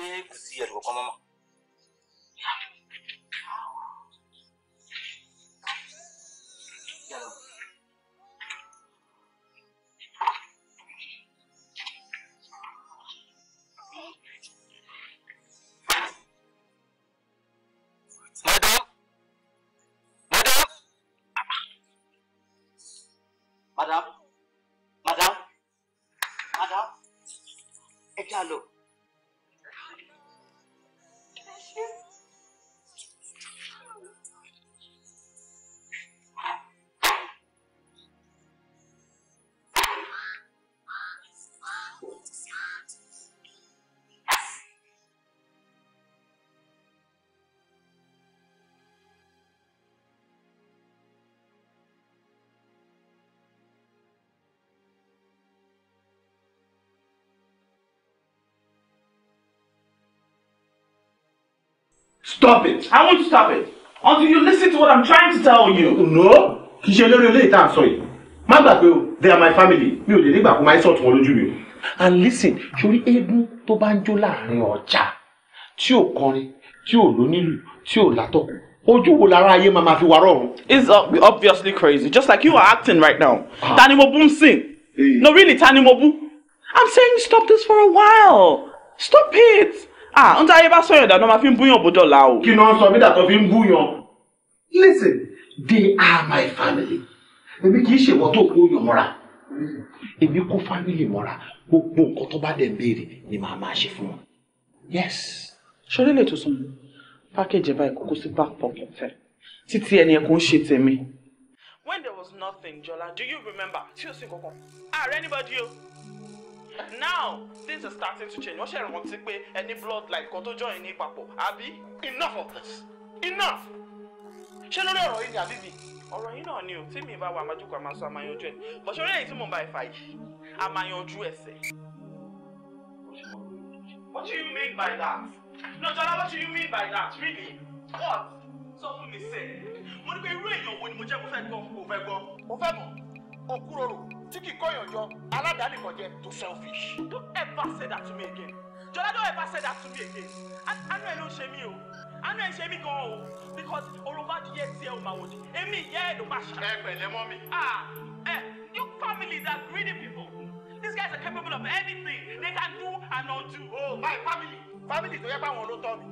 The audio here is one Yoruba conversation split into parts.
ṣé kò sí ẹ̀rù kankan mọ́mọ́. Madam, madam, madam, ẹ Stop it. I won't stop it until you listen to what I'm trying to tell you. No, kì í ṣe lórí eléyìí tá à ń sọ yìí. Má gbàgbé o, they are my family. Mi ò lè nígbà kó máa ń sọ̀tún wọn lójú mi o. And listen, sórí eégún tó bá ń jó láàrin ọjà tí ò kọrin, tí ò lónílù, tí ò látọ̀kù. Ojú wo lára ayé máa ma fi wà rọrùn? It's obviously crazy, just like you are acting right now. Ah. Tani mo bú ń sìn. No really, Tani mo bú. I'm saying stop this for a while. Stop it ah ń tá ayé bá sọ̀rọ̀ ìdáná máa fi ń búyàn bó dọ̀la o. kí náà sọ mí dàtọ̀ fi ń búyàn. listen they are my family èmi kì í ṣèwọ́ tó kó yàn mọ́ra èmi kó family mọ́ra gbogbo nǹkan tó bá dẹ̀ ń béèrè ni màá máa ṣe fún wọn. yes ṣọlẹ́ lè tuntun mi package báyìí kókó sí back pocket ẹ̀ títí ẹni ẹ̀kọ́ ń ṣe tèmi. when there was nothing Jola do you remember tí o sì kankan ààrẹ anybody o now things are starting to change wọ́n ṣe rántí pé ẹni bloodline kan tó join ní papọ̀ àbí enough of this enough ṣé lórí ọ̀rọ̀ yìí ni àbí mi ọ̀rọ̀ yìí náà ni o tí mi bá wà májúkọ̀ àmà sọ àmàyanjú ẹ̀ bọ̀ ṣé orí èyí tí mo bá ẹ̀ fà yìí àmàyanjú ẹsẹ̀. What do you mean by that? No, Jọlá, what do you mean by that? Really? What? Sọ fún mi sẹ́ẹ̀. Mo ní pé irú èèyàn wo ni mo jẹ́ mo fẹ́ gbọ́ mo fẹ́ gbọ́. Mo fẹ́ mọ̀ òkúròrò tí kì í kọ́yàn jọ selfish. don't ever say that to me again Jola, don't ever say that to me again àánú ẹ ló ń ṣe mí o àánú ẹ ń ṣe mí gan o because òrùngbà díẹ̀ tiẹ̀ ò máa wòdì èmi ìyá ẹ̀ ló máa ṣe. ẹ pẹ̀lẹ́ mọ́ mi. ah ẹ your family they are greedy people these guys are capable of anything they can do and not do. oh my family family tó yẹ pé àwọn ló tọ́ mi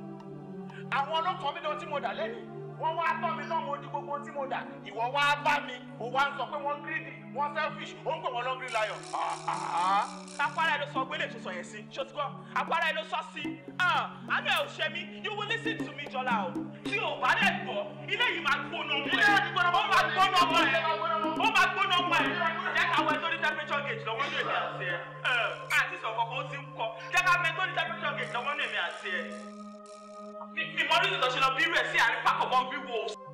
àwọn ọlọ́kàn mi lọ tí mo dà lẹ́nu wọ́n wá tọ́ mi náà mo di gbogbo tí mo dà ìwọ wá bá mi ó wá ń sọ pé wọ́n gírídì wọ́n selfish ó ń pè wọ́n lọ́ngrí lion. apara ah, ah, ah. ẹ ló sọ gbélé ìtúsọ yẹn sí ṣó ti gbọ́ apara ẹ ló sọ sí àánú ẹ ò ṣe mí you will listen to me jọlá o tí o bá dẹ̀ gbọ́ ilé yìí máa gbóná ọmọ ẹ ó máa gbóná ọmọ ẹ ó máa gbóná ọmọ ẹ jẹ́ ká wẹ tó ní temperature gauge lọ́wọ́ ní èmi àti ẹ eh, àti sọ̀kọ̀ kan ó ti ń kọ jẹ́ ká mẹ tó ní temperature gauge lọ́wọ́ ní èmi àti ẹ. mi mọ rí ìtọ́sí lọ bí rẹ̀ sí àrífàkọ̀mọ́ wíwo.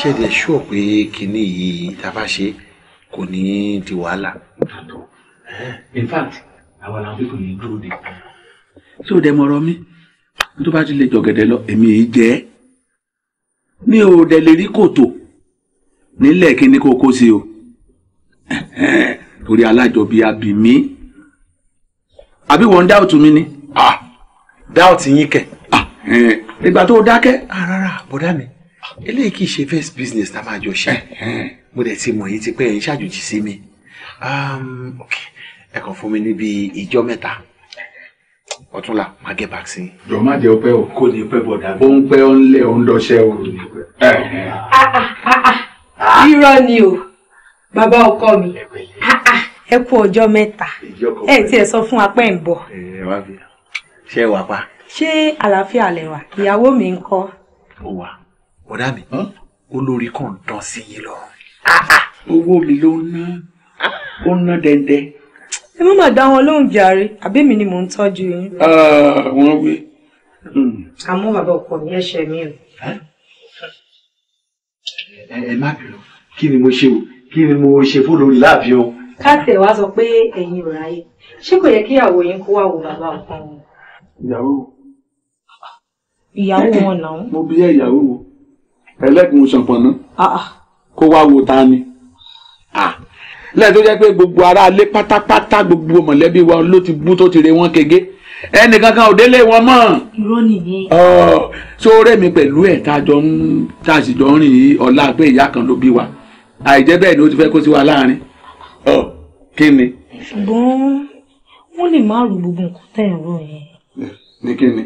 ṣé ẹ ṣúọ pé kinní yìí tá ṣe kò ní di wàhálà. in fact àwọn làwọn pípọ̀ yìí dúró de. ṣé o dẹ mọ̀rọ̀ mi tó bá ti lè jọ̀gẹ̀dẹ̀ lọ èmi yìí jẹ́ ní o dẹ̀ lè rí kòtò nílẹ̀ kíní kó kó sí o torí alájọbí abìmí àbí wọ́n ń dáùtù mi ni ah, dáùtù yín kẹ̀ nígbà ah, eh, tó dákẹ́ ah, rárá bọ́dá mi eléyìí kì ṣe first business tá a máa jọ ṣe mo dẹ̀ ti mọ̀ yín ti pẹ́ ẹ̀ ń ṣàjòjì sí mi um, ẹ kàn fún mi níbi ìjọ mẹ́ta ọ̀túnla máa gẹ́ back sí i. jọ má jẹ́ ọpẹ́ o kò ní pẹ́ bọ̀dà bó ń pẹ́ ó ń lẹ̀ ó ń dọ́ṣẹ́ o. Ah, ah, ah, irọ́ ni o bàbá ọkọ mi ẹ kú ọjọ́ mẹ́ta ẹ tiẹ̀ sọ fún apẹ́ ń bọ̀. ṣé ẹ wà pa. ṣé àlàáfíà lẹ wà ìyàwó mi ń kọ́. ó wà ọ̀dà mi olórí kan dán sí yín lọ. owó mi ló ń ná ó ná dẹ́ndẹ́. ẹ má má dá wọn lóhùn jàre àbí mi ni mò ń tọ́jú yín. Ah, wọ́n wí. Hmm. àmọ́ bàbá ọkọ mi ẹ̀ṣẹ̀ mi o. ẹ má bẹ̀rù kí ni mo ṣe o kí ni mo ṣe fún lórí láàfin o. káàtẹ̀ wá sọ pé ẹ̀yin ò ráyè ṣé kò yẹ kí ìyàwó yín kó wá wo bàbá ọkọ wọn. ìyàwó. ìyàwó wọn làwọn. mo bí ìyàwó wọn ẹlẹ́kùn ṣànpọ̀nná ah, ah. kó wá wo ta ni ah. lẹ́yìn tó jẹ́ pé gbogbo aráalé pátápátá gbogbo mọ̀lẹ́bí wa ló ti bú tó ti re wọ́n kege ẹnì kankan ò délé wọn mọ́. irọ́ mi pẹ̀lú ẹ̀ tá a jọ ń tá a sì jọ ń rìn yìí ọ̀la pé ìyá kan ló bí wa àìjẹ́ bẹ́ẹ̀ ni ó ti fẹ́ kó sí wa láàrin kí ni. ṣùgbọ́n wọ́n lè má ro gbogbo nǹkan tẹ̀ ń rò yẹn. ní kí ni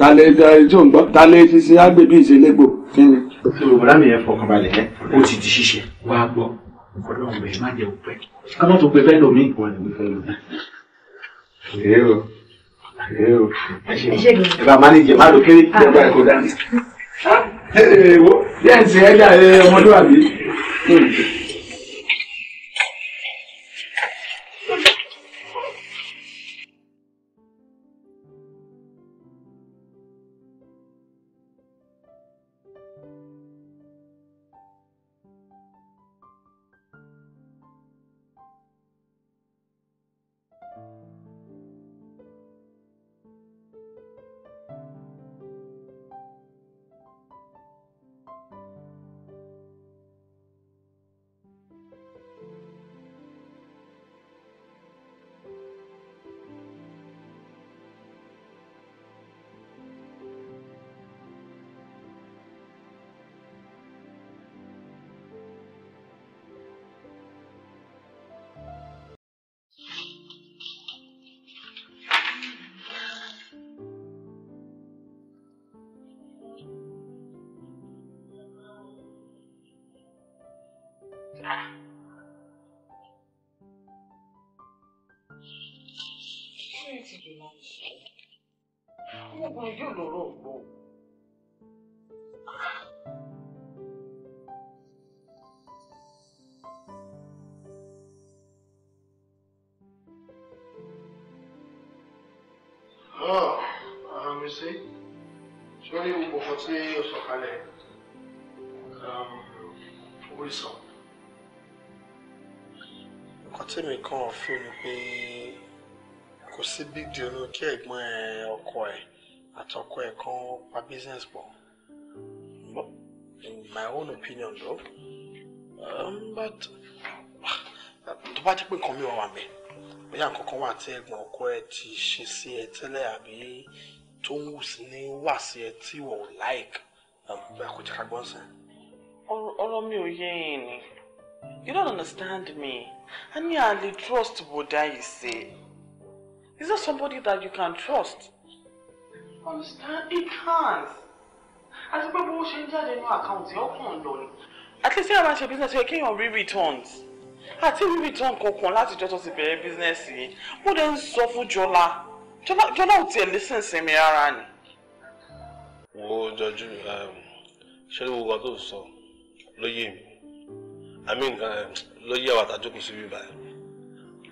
ta lè tí ò ń gbọ́ ta lè fi sí agbègbè ìṣẹ̀lẹ̀gbò kí ni. olùbọ̀dá mi yẹn fọkàn balẹ̀ ẹ́ ó ti di ṣíṣe wá gbọ́ ọlọ́run bẹ̀rẹ̀ má jẹ́ òpẹ́ ká má tó pe fẹ́ lómi. èyí o èyí o ẹ bá mánéjì má lò kéré kí ah. ẹ bá ẹ kó dání. ẹ ẹ wo bí ẹ ń sìn ẹ lé ọmọdé wà bí. ṣe máa ń ṣe níbo yóò lọ́rọ̀ gbọ́. mi sí sórí gbogbo kan tí yóò sọ kalẹ̀ kò sí big deal kí ẹ̀gbọ́n ẹ ọkọ ẹ àtọkọ ẹ kan pa business pọ̀ in my own opinion though um, but tó bá jẹ́ pé nǹkan mi wà wà mẹ́ bóyá nǹkan kan wà tí ẹ̀gbọ́n ọkọ ẹ ti ṣe sí ẹ tẹ́lẹ̀ àbí tó ń wù sí ní wà sí ẹ tí wọ́n ò like um, bóyá kò jẹ́ ká gbọ́n sẹ́n. ọ̀rọ̀ mi ò yé yín ni you don't understand me I ní a lè trust bọ̀dá yìí ṣe. Is that somebody that you can trust? Understand? He can't. Àti pé bó ṣe ń jáde ní àkáǹtì ọkàn lọ ni. At least yàrá your business yẹ kéèyàn rí returns. I Àti rí return kankan láti jọ́ tó ti bẹ̀rẹ̀ business Who then suffer, Jola? Jola, Jola, Jọlá. Jọlá ò tiẹ̀ listen sí mi rárá ni. Mo jọjú um, ṣé ní I mean, sọ ló I mean ló yé àwọn àtàjókòó síbí báyìí.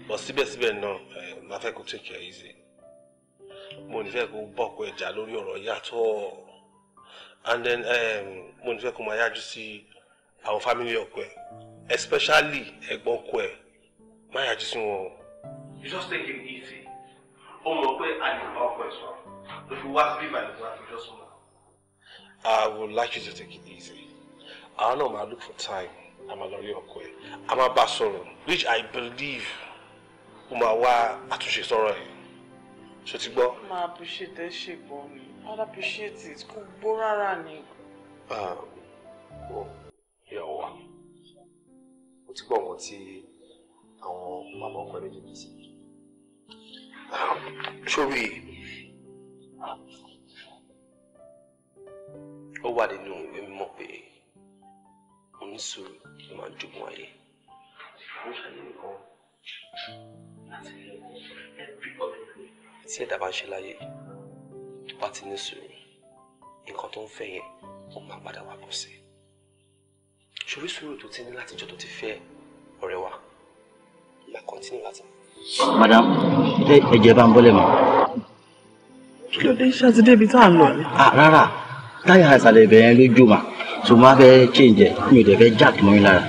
but síbẹ̀síbẹ̀ náà má fẹ́ kó take care easy mo nífẹ̀ẹ́ kó bọ̀kọ̀ ẹja lórí ọ̀rọ̀ yàtọ̀ and then mo nífẹ̀ẹ́ kó máa yájú sí àwọn family ọkọ especially ẹ̀gbọ́n ọkọ ẹ̀ má yájú sí wọn. you just take it easy O mọ̀ pé àyùbá ọkọ ẹ̀ sọ if you wá sí bíbá ìlú àti just mọ̀. I would like you to take it easy. Àwọn náà máa look for time. I'm a lawyer ọkọ ẹ̀. A máa sọ̀rọ̀ which I believe ó máa wá àtúnṣe sọ̀rọ̀ yẹn ṣó ti gbọ́. máa appreciate ẹ ṣe gbọ́ ni i'd appreciate it kò gbó rárá ni. Ah, ìyàwó wa mo ti gbọ́ wọn tí àwọn bàbá ọkọ rẹ̀ jẹ́bi sí. sórí ó wà nínú ìwé mímọ́ pé onísùúrù ló máa ń jogún ayé. 我想你讲。tí ẹ̀dá bá ń ṣe láyé tó bá ti ní sùúrù nǹkan tó ń fẹ́ yẹn ó máa padà wá bọ̀ sí ṣorí sùúrù tó ti ní látijọ́ tó ti fẹ́ ọ̀rẹ́ wa máa kọ́ntínú láti. madam ẹ jẹ bá ń bọ́lẹ̀ mọ́. kí ló dé ṣàtidé ibi tá à ń lọ. rárá táyà àṣàlẹ̀ ibẹ̀ yẹn ló jò mà tó máa fẹ́ change ẹ̀ mi ò dẹ̀ fẹ́ jack mọ́ mi lára.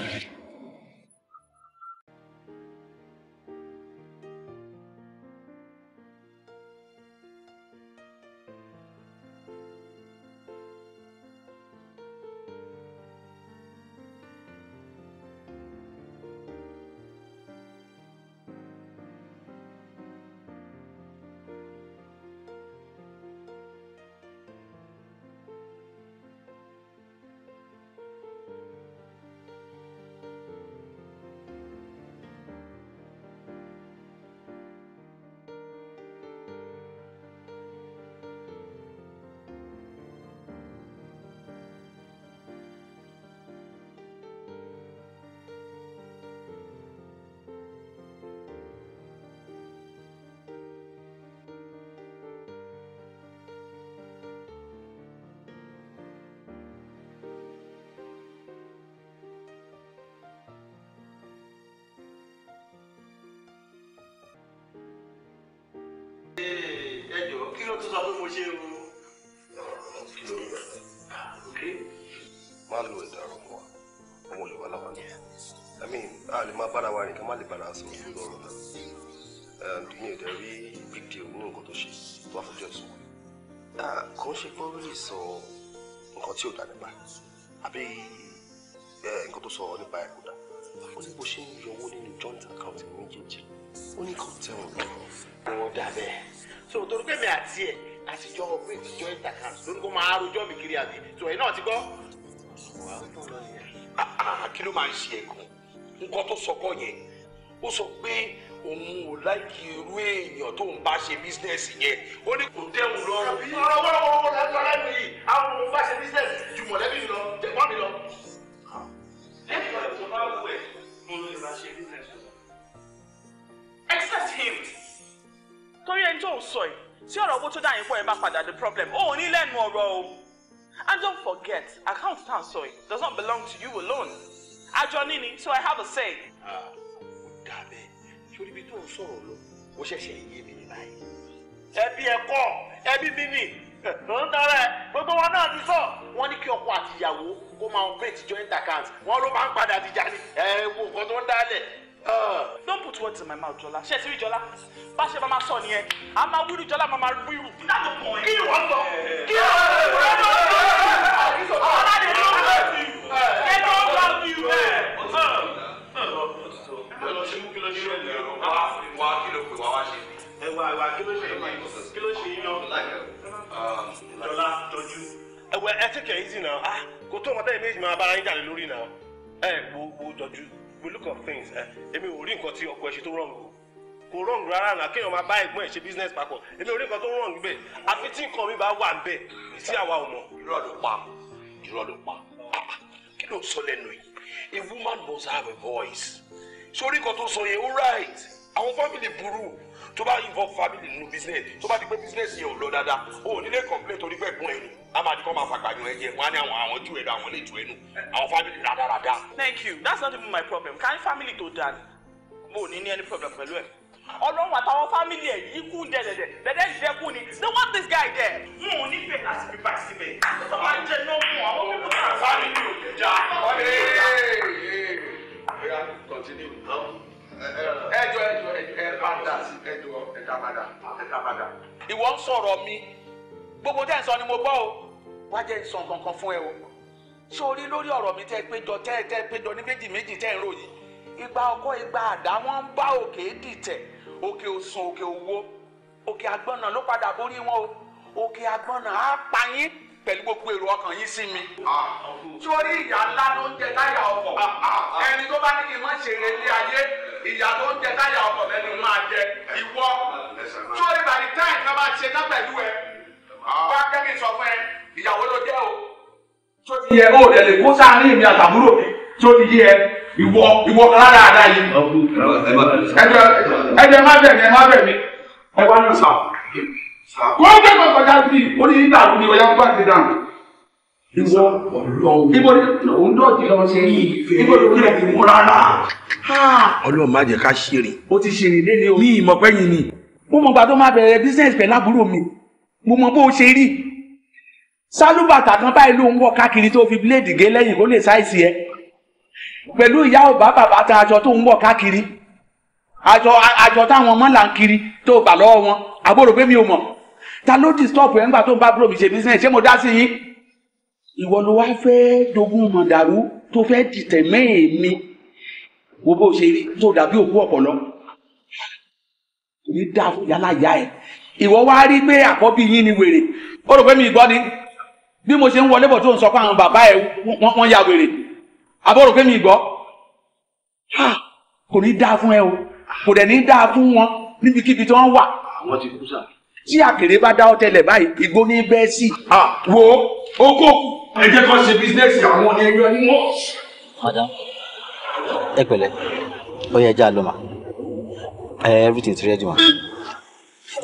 so torí pé mi àti ẹ̀ àtijọ́ pé ìtijọ́ intercam lórí kó máa rojọ́ mi kiri àbí so ẹ̀ náà ti gbọ́. Ah, kí ló máa ń ṣe ẹ̀kan nǹkan tó sọ kọ́ yẹn ó sọ pé òun ò láìkí irú èèyàn tó ń bá ṣe bísínẹ́sì yẹn ó ní kò tẹ́hùn lọ́rùn. ọ̀rọ̀ wọ́n wọ́n wọ́n lẹ́nu ọ̀rẹ́ mi yìí àwọn òun bá ṣe bísínẹ́sì ju mọ̀lẹ́bí mi lọ tẹ̀gbọ́n mi lọ. lẹ́yìn ah. ọ̀rẹ́ tó bá wù ẹ̀ mo lè bá ṣe bísínẹ́sì lọ. except him torí ẹni tó ń sọ yìí tí ọ̀rọ̀ owó tó dá yín pọ̀ yẹn bá padà the problem ó ní lẹ́nu ọ̀rọ̀ o and don't forget account tan sọ yìí does not belong to you alone àjọ níní so I have a say. Ah, dàbẹ̀ torí ibi tó ń sọ̀rọ̀ lọ ó ṣẹ̀ṣẹ̀ yé mi ní báyìí. ẹbí ẹ̀kọ́ ẹbí mi nì ló ń darẹ̀ gbogbo wa náà ti sọ wọ́n ní kí ọkọ àti ìyàwó kó máa operate joint account wọ́n ló máa ń padà dìjà ni ẹ wo nǹkan tó ń dálẹ̀ don't put words in my mouth jọlá ṣe ti Jola. jọlá your mama's son, sọ I'm a máa wíru jọlá máa máa wíru kí láti pọ̀ ẹ́ kí ni wọ́n sọ kí ni wọ́n sọ ọ̀la de ló ń you mi ẹ ló ń bá mi ẹ. ẹwẹ ẹ take it easy náà kò tó ọmọ tẹ́lẹ̀ méjì máa bára yín jà lórí náà ẹ wo wo jọjú we look at things eh? èmi ò rí nǹkan tí ọkọ ẹ ṣe tó wrong o kò wrong rárá náà kéèyàn máa bá ẹ̀gbọ́n ẹ̀ ṣe business papọ̀ èmi ò rí nǹkan tó wrong bẹ́ẹ̀ àfi tí nǹkan mi bá wà ń bẹ̀ sí àwa ò mọ̀. irọ́ ló pa irọ́ ló pa kí ló ń sọ lẹ́nu yìí a woman must have a voice sórí nǹkan tó sọ yẹn all right àwọn family burú tó bá involve family nínú business tó bá di pé business yẹn ò lọ dáadáa o ò nílé complain torí pé gun ẹnu a máa di kọ́ máa fàgbàyàn ẹ jẹ wọn á ní àwọn àwọn jù ẹnu àwọn lè jù ẹnu àwọn family rádaràda. thank you that's not even my problem ká ní family tó dáa ni mo ò ní ní any problem pẹ̀lú ẹ̀ ọlọ́run àtàwọn fámìlì ẹ̀ yìí kú dẹ̀dẹ̀dẹ̀ dẹ̀dẹ̀ ìdẹ́kù ni they want this guy there. wọn ò ní bẹ́ẹ̀ láti fi bá síbẹ̀ tó máa jẹ náà mú àwọn pípọ̀ náà. fámìlì ò jẹjà. ọ̀rẹ́ ẹ̀ ẹ̀ ẹ̀ ẹ̀ continue ẹjọ ẹjọ ẹ padà ẹjọ ẹdá padà ẹdá padà. ìwọ ń sọ̀rọ̀ mi gbogbo tẹ́ ẹ̀ sọ ni mo gbọ́ o wá jẹ́ nsọ kankan fún ẹ o sórí lórí ọ̀rọ̀ mi tẹ́ ẹ péjọ tẹ́ ẹ tẹ́ ẹ péjọ ní méjì méjì tẹ́ ẹ ń ròyìn ìgbà ọkọ ìgbà àdá wọn ń bá òkè dìtẹ̀ òkè òsùn òkè òwò òkè agbọ́nà ló padà borí wọn o òkè agbọ́nà á pa yín pẹ̀lú gbogbo èrò ọkàn yín sí mi. sórí ah, ah. ìyá ńlá ló ń jẹ táyà ọkọ̀ ah, ẹni tó bá ní kí n má ṣe eré ilé ayé ìyá tó ń jẹ táyà ọkọ̀ lẹ́nu máa jẹ ìwọ sórí by the time ká máa ṣe ká pẹ̀lú ẹ wá kẹ́kẹ́ sọ fún ẹ ìyàwó ló jẹ́ o. tó ti yẹ o lè lè kó sáárín mi àtàbúrò mi tó ti yẹ ìwọ ìwọ kan lára àdá yìí. ẹ jẹ má bẹ̀ mí ẹ má bẹ̀ mí ẹ wá ní sà. kó o jẹ́ kó kọjá sí i ó ní ìdààmú ni ọ̀yá ń bá ti dànù ìwọ ìbò ní òun dọ̀jì lọ ṣe ìbò ní òun rẹ̀ mú rárá. ọlọ́run má jẹ́ ká ṣèrè. ó ti ṣèrè lé ní o. ní ìmọ̀ pẹ́yìn ni. mo mọ̀ gbà tó máa bẹ̀rẹ̀ business pẹ̀lú àbúrò mi mo mọ̀ bó ṣe rí. sálúbàtà kan báyìí ló ń wọ káàkiri tó fi bíléèdì gé lẹ́yìn kó lè ṣáìsì ẹ. pẹ̀lú ìyá ọ̀bá bàbá ta aṣọ tó ń wọ káàkiri aṣọ táwọn ọmọ là ń kiri tó bà lọ́wọ́ wọn àbúrò pé mi ò mọ̀ ta ló disturb ẹ̀ ńgbà tó ń bá àbúrò mi ṣe business ṣé mo dá sí yín ìwọ ló wá fẹ́ dogun mọ̀dàrú tó fẹ́ dìtẹ̀ mẹ́ẹ̀mí wo bó ṣe rí tó dàbí òkú ọ̀pọ̀lọ́ ní dá yálà yá ẹ̀ ìwọ wá rí pé àkọ́bí yín ni wèrè ó rò pé mi gbọ́ ni bí mo ṣe ń wọlé bọ̀ tó ń sọ pé àwọn bàbá ẹ̀ wọ́n ya wèrè àbọ̀ rò pé mi gbọ́ kò ní dáa fún ẹ o kò dẹ̀ ní dáa fún wọn níbikíbi tí wọ́n wà. àwọn ti kú sá. tí àkèré bá dá ọ báyìí igbó ní bẹ́ẹ̀ sì. wo oko ẹ jẹ́ kó ṣe bísínẹ́sì àwọn ẹyọ ni wọ́n. madam ẹ pẹ̀lẹ́ ó yẹ ẹja lọ mà everything is ready ma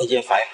ẹ jẹ́ fine.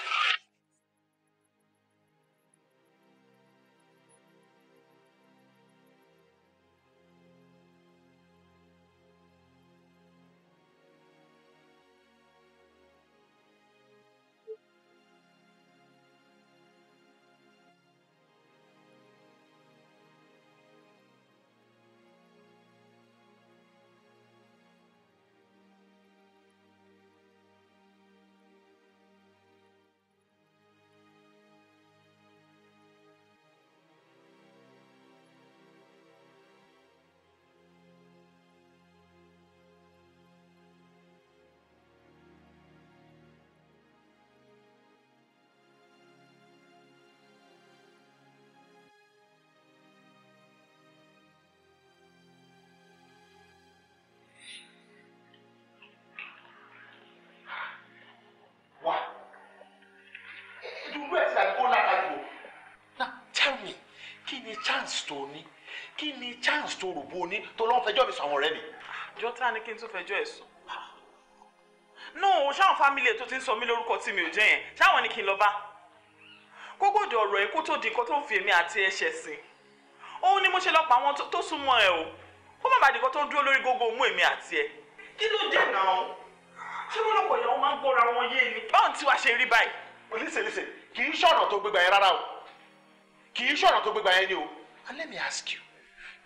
tó ní kí ni chance tó rò bó ní tó lọ́n fẹjọ́ mi sọ àwọn ọ̀rẹ́ mi. jọ́tà ni kí n tún fẹjọ́ ẹ̀ sùn. no ṣáwọn fámìlì ẹ̀ tó ti ń sọ mí lórúkọ tí mi ò jẹ́ yẹn ṣáwọn ni kí n lọ bá. kókòdì ọ̀rọ̀ ẹ̀ kó tó di nǹkan tó ń fi èmi àti ẹ̀ṣẹ̀ sí. òun ni mo ṣe lọ́pàá àwọn tó súnmọ́ ẹ̀ o kó má bàa di nǹkan tó ń dúró lórí gógó mú èmi àti ẹ̀. kí ló dé náà ṣé wọn lọ́pọ̀ listen listen kì í ṣọ̀nà tó gbégbá yẹn rárá o kì í ṣọ̀nà tó gbégbá yẹn ni o and let me ask you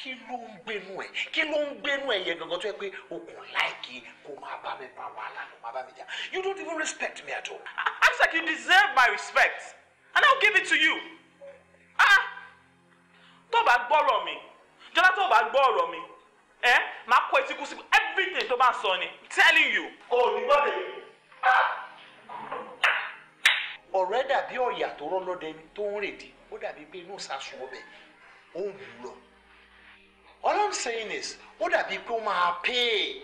kí ló ń gbénu ẹ kí ló ń gbénu ẹ yẹn gangan tó yẹ pé o kò láìkí kó máa bá mi bá wàhálà kó máa bá mi jà you don't even respect me at all. acts like you deserve my respect and i will give it to you. ah tó o bá gbọ́rọ̀ mi jọlá tó o bá gbọ́rọ̀ mi ẹ máa kọ etí kú everything tó bá ń sọ ni telling you. o ò ní gbọ́dọ̀ yìí. ọ̀rẹ́ dàbí ọ̀yà tó rọ́ lọ́dẹ tó ń rèdí ó dàbí pé inú sàṣù ọbẹ̀ ó ń wúlò all i'm saying is ó dàbí pé ó máa pay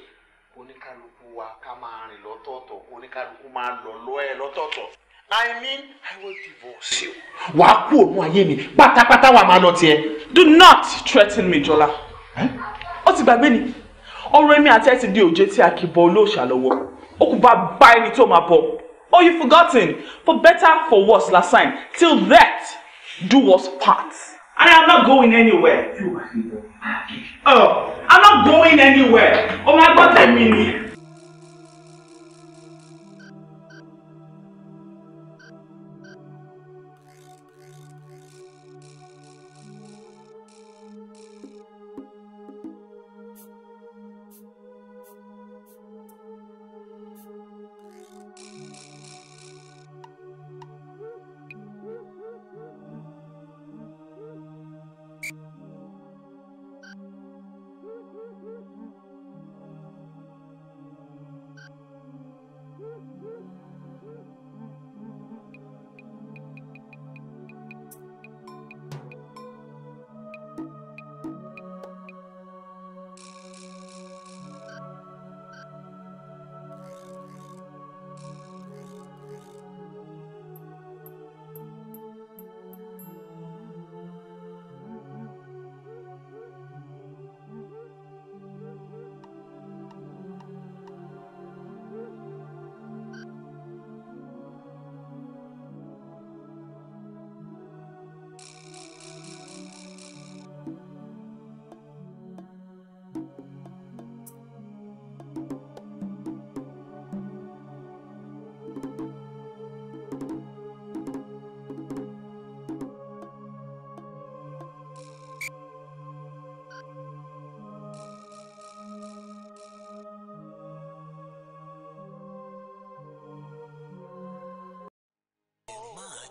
oníkálukú wa ká máa rìn lọ́tọ̀ọ̀tọ̀ oníkálukú máa lọ lọ́ ẹ lọ́tọ̀ọ̀tọ̀ i mean i will divorce you. wà á kú òun ayé mi pátápátá wà máa lọ tiẹ̀. do not threaten me jọlá ó ti gbàgbé ni ọ̀rọ̀ èmi àti ẹ ti di òjé tí a kì í bọ olóòṣà lọ́wọ́ ó kù bá bá ẹni tó máa bọ oh you forgotten for better for worse la sign. till death do us part. And I'm not going anywhere. Oh, I'm not going anywhere. Oh my God, I mean it.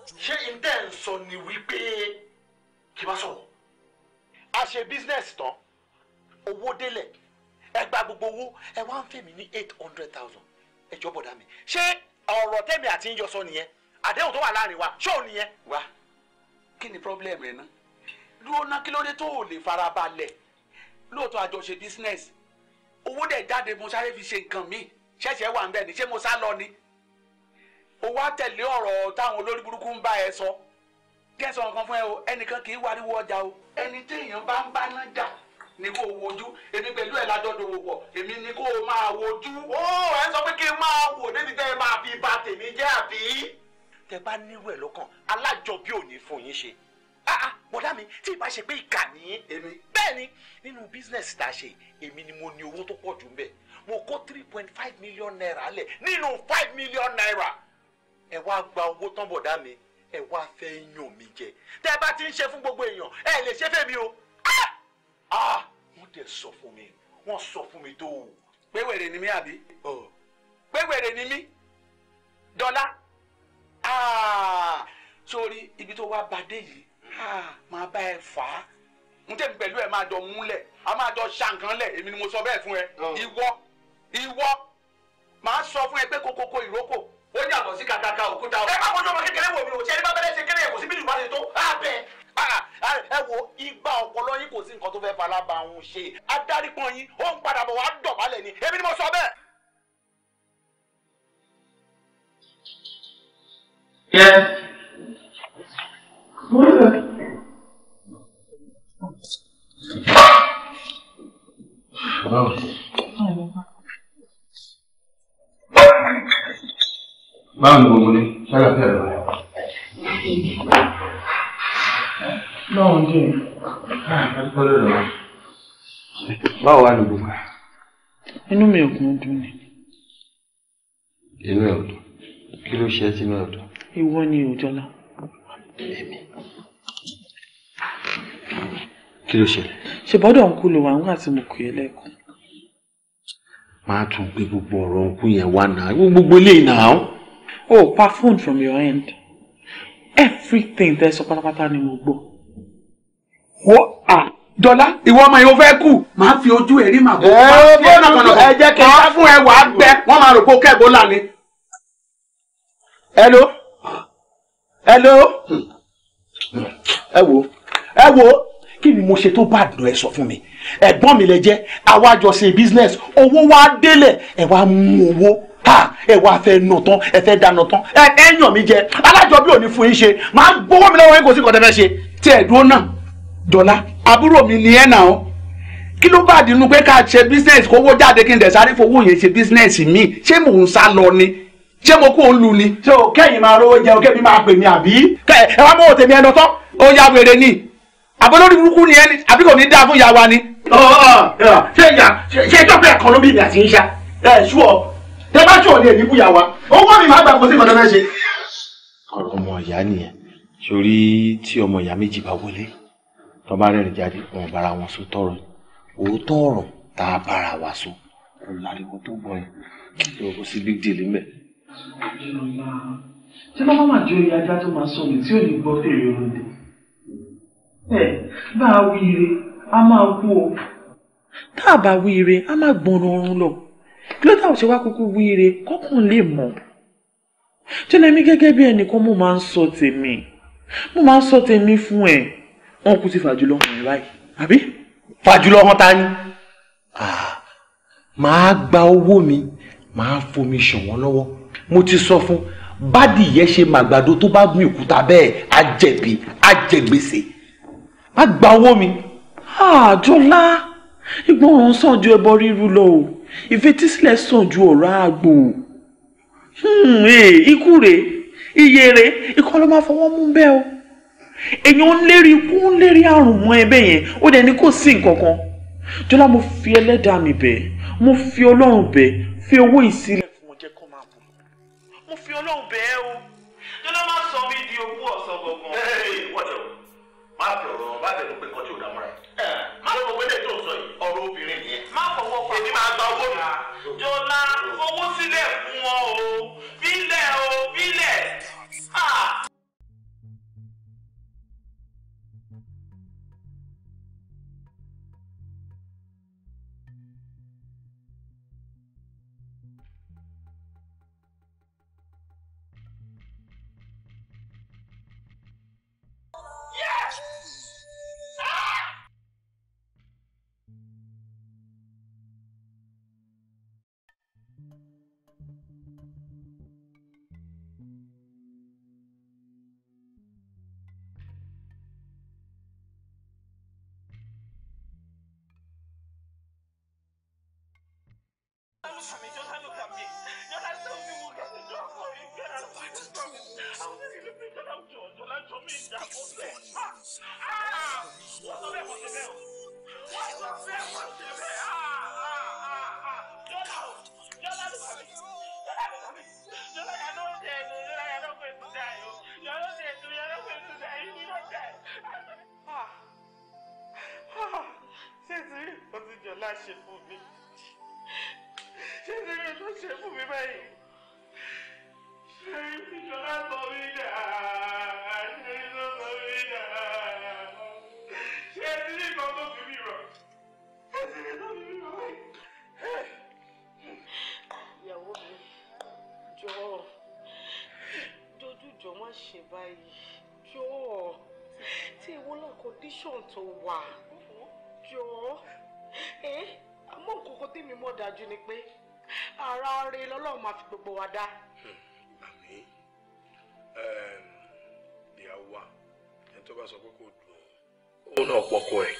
ṣé ìdẹ́ ń sọ ni wípé kí n bá a ṣe business tán owó délẹ̀ ẹ gba gbogbo owó ẹ wá ń fẹ́ mi ní eight hundred thousand ẹ jọ bọ̀dá mi ṣé ọ̀rọ̀ tẹ̀mí àti ń yọ sọ nìyẹn àdéhùn tó wà láàrin wa ṣó nìyẹn. wá kí ni problem rẹ ná dúró ná kí ló dé tó o lè farabalẹ̀ lóòótọ́ àjọṣe business owó dẹ̀ jáde mo sáré fi ṣe nǹkan mi ṣẹ̀ṣẹ̀ wà ń bẹ̀ ni ṣé mo sá lọ ni o wá tẹ̀lé ọ̀rọ̀ táwọn olórí burúkú ń bá ẹ sọ gẹ́sọ̀ nǹkan fún ẹ o ẹnìkan kì í wariwo ọjà o ẹni tí èèyàn bá ń bá náà jà ni kò wojú èmi pẹ̀lú ẹ̀ lájọ́dọ̀ wòpọ̀ èmi ni kò máa wojú. ó ẹ sọ pé kí n máa wò débi tẹ́ ẹ máa fi ba tèmi jẹ́ àbí. tẹ bá nírú ẹ lọ́kàn alájọbí ò fún yín ṣe ah, ah, bọ̀dá mi tí ìbá ṣe pé ìkà ní èmi. bẹ́ẹ̀ni nínú bísínẹ́sì tá a ṣe èmi ni mo ní owó tó pọ̀ jù ń bẹ̀ mo kó three point five million naira lẹ̀ nínú five million naira ẹ wá gba owó tán bọ̀dá mi ẹ wá fẹ́ yàn mí jẹ tẹ́ ẹ bá ti ń ṣe fún gbogbo èèyàn ẹ lè ṣe fẹ́mi o ah! Ah! wọ́n dẹ̀ sọ fún mi wọ́n sọ fún mi tó o. pé ni mí àbí. pé wèrè ni mí dọ́là ah! sórí ibi tó wá bá dé yìí máa bá ẹ fà á n mi pẹ̀lú ẹ máa jọ múlẹ̀ a máa jọ ṣàǹkan lẹ̀ èmi ni mo sọ bẹ́ẹ̀ fún ẹ ìwọ ìwọ màá sọ fún ẹ pé kókókó ìrókò ó yàtọ̀ sí kàkàkà òkúta o. ẹ má kojú ọmọ kékeré wò mí o ṣe ẹni bá bẹ́lẹ̀ ṣe kéré kò sí bí ìlúbalẹ̀ tó àbẹ̀. ẹ wo igba ọpọlọ yín kò sí nǹkan tó fẹ́ falaba òun ṣe adárípọn yín ó ń padà bọ̀ wá dọ̀bálẹ̀ ni èmi ni mo sọ bẹ́ẹ̀. Yes. Mother. Wow. báwo ni gbogbo ní ṣàlàyé ẹ̀rọ rẹ. báwo ni jẹ́ ah, báwo wà ní gbogbo. inú mi ò kún dùn ni. inú ẹ̀ ò dùn kí ló ṣe é sínú ẹ̀ ò dùn. ìwọ ni òjọlá. èmi kí ló ṣẹlẹ̀. ṣèbọ́dọ̀ ń kú lò wá nígbà tí mo kù yẹ lẹ́kùn. máa tún gbé gbogbo ọ̀rọ̀ òkú yẹn wá náà gbogbo eléyìí náà. Oh, perfume from your end everything tẹ sọ pátápátá ni mo gbọ́. What à dọ́là ìwọ ọmọ my overcoat. My kú màá fi ojú ẹ̀rí màá bọ́ máa fi ẹ̀rí màá bọ́ ẹ jẹ́ kí n bá fún ẹ wàá gbẹ wọ́n máa rò pé kẹ́ẹ̀bó là ni. hello hello ẹ wo ẹ wo kí ni mo ṣe tó bá dùn ẹ sọ fún mi ẹ̀gbọ́n mi lẹ jẹ́ àwa jọ ṣe business owó wa délẹ̀ ẹ wá mú owó ha ẹ wá fẹ́ nà tán ẹ fẹ́ dáná tán ẹ yàn mí jẹ alájọbí ò ní fún yín ṣe máa gbowó mi lọ́wọ́ yín kò sí nǹkan tẹ́ fẹ́ ṣe tí ẹ dúró náà dọ́là àbúrò mi ni ẹ nà ó kí ló bá dínú pé ká ṣe business kówó jáde kí n dẹ̀sáré fowó yẹn ṣe business mi ṣé mò ń sá lọ ni ṣé mo kó ń lu ni. ṣé o kẹ́yìn máa rówó jẹun mi máa pè mí àbí. ẹ wá mọ́ òtẹ̀mí ẹnu tán ó ya wèrè ni àbólórí burúkú ni ẹni àbí kò ní dáa fún ìyá wa ni. ṣé ìyá ṣé ìjọba ẹ̀kọ́ ló bí ìyá sí ń ṣá ẹ̀ ṣú ọ tẹ bá jọ ní èmi búyà wa owó mi máa gbà kó sí ìkọ̀tọ́ náà ṣe. ọ̀rọ̀ ọmọ ìyá nìyẹn sórí tí ọmọ ìyá méjì bá wọlé tó bá rẹ́rìn jáde wọn bára wọn sọ tọrọ òótọ́ ọ̀rọ̀ tá a bára wa sọ kò láriwo tó bọ̀ yẹn kí ló kó sí big deal mẹ́. ṣé bá máma jó ìyá ajá tó máa sọ mi tí ò ní gbọ́ fèrè oúnjẹ ẹ bá a wí ire a máa kú o tá a bá wí ire a máa gbọ́n ọrùn lọ kí ló táwọn ṣe wá kúkú wíire kọ́kàn lè mọ̀ jẹ́lẹ̀mí gẹ́gẹ́ bí ẹnìkan mo máa ń sọ tèmi mo máa ń sọ tèmi fún ẹ wọn kú ti fàjùlọ hàn ẹ báyìí àbí. fàjùlọ hàn ta ni. màá gba owó mi màá fomi ṣàn wọ́n lọ́wọ́ mo ti sọ fún bádìí yẹn ṣe màgbàdo tó bá gbin òkúta bẹ́ẹ̀ á jẹ̀bi á jẹ gba owó mi. àjọlá. Ah, ìgbọràn sàn ju ẹbọ ríru lọ o ìfetísílẹ̀ sàn ju ọ̀rọ̀ àgbò hmm, eh, ikú rèé iye rèé ikọ́ ló máa fọwọ́ mú bẹ́ẹ̀ o èèyàn ń lérí ikú ń lérí àrùn mọ́ ẹbẹ̀ yẹn ó dẹ̀ ní kò sí nǹkan kan jọlá mo fi ẹlẹ́dàá mi bẹ̀ mo fi ọlọ́run bẹ̀ fi owó ìsílẹ̀ fún wọn jẹ́ máa bọ̀ mo fi ọlọ́run bẹ̀ ẹ́ o jọlá má sọ mí di owó ọ̀sán gbọ̀ngàn. ẹ ẹ ìwọ́jọ má bẹ̀rọ̀ má bẹ̀rọ̀ pé kọjú má fọwọ́ pé lẹ́tọ̀ sọ yìí ọ̀rọ̀ obìnrin nìyẹn. má fọwọ́ pa èmi máa gba owó mi. jọlá owó sílẹ̀ fún wọn o bílẹ̀ o bílẹ̀. ṣe fún mi ṣé tèmi ló ṣe fún mi báyìí ṣé ìjọba sọ mí dà ṣé ìjọba sọ mí dà ṣé ìdílé kan tó fi mi rọ ṣé ìdílé tó fi mi rọ báyìí. ìyàwó mi jọ̀ọ́ dojú jọ má ṣe báyìí jọ̀ọ́ tí ìwọ́n náà condition tó wà jọ̀ọ́. eh àmọ́ nǹkan kan tèmi mọ̀ dájú ni pé ara rẹ̀ lọ́lọ́run máa fi gbogbo wa dá. Hmm, àmín ehm, ìyàwó wa ẹni tó bá sọ pé kò dùn òun náà pọkọ ẹ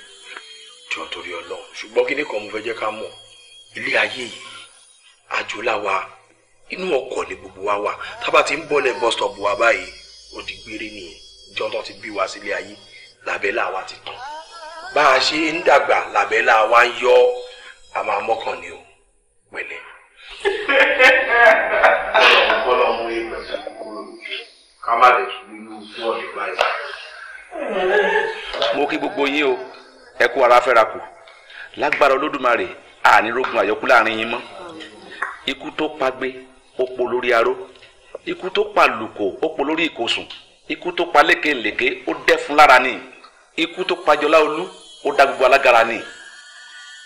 jọ torí Ọlọ́run ṣùgbọ́n kí ni kan mo fẹ́ jẹ́ ká mọ̀ ilé ayé yìí àjò làwa inú ọkọ̀ ni gbogbo wa wà tábà ti ń bọ́lẹ̀ bus stop wa báyìí ó di gbére nìyẹn jọ́ńtọ́ ti bí wa sílé ayé làbẹ́ làwa ti tán. bá a ṣe ń dàgbà làbẹ́là wa ń yọ a máa mọ́kàn ni o pẹ̀lẹ́. mo kí gbogbo yín o ẹ kú ara fẹ́ra kù lágbára olódùmarè àyọkú láàrin yín mọ́ ikú tó pagbe ó po lórí aró ikú tó ó po lórí ìkòsùn ikú tó pa ó dẹ́fun lára ni ikú tó pa ó dá gbogbo alágara ni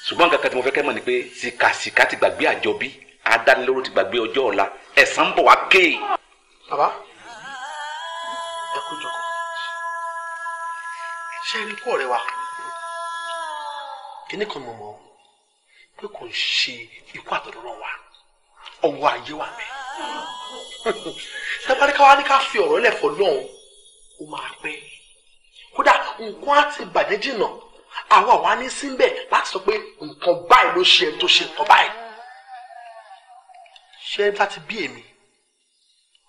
ṣùgbọ́n nǹkan kan tí mo fẹ́ kẹ́ mọ̀ ni pé sìkàsìkà ti gbàgbé àjọbí adánilóró ti gbàgbé ọjọ́ ọ̀la ẹ̀san ń bọ̀ wá ké. bàbá ẹ kú jókòó ṣé ẹni kú ọ̀rẹ́ wa kíní kan mọ̀ mọ́ pé kò ń ṣe ikú àtọ̀dọ̀rọ̀ wa ọwọ́ ayé wa mẹ́ tábàríkà wa ní ká fi ọ̀rọ̀ lẹ̀ fọ́ lọ́hùn ó máa pẹ́ kódà nǹkan á ti bàjẹ́ jìnnà àwọn ọ̀wá ní síbẹ̀ láti sọ pé nǹkan báyìí ló ṣe tó ṣe nǹkan báyìí. ṣé bá ti bí èmi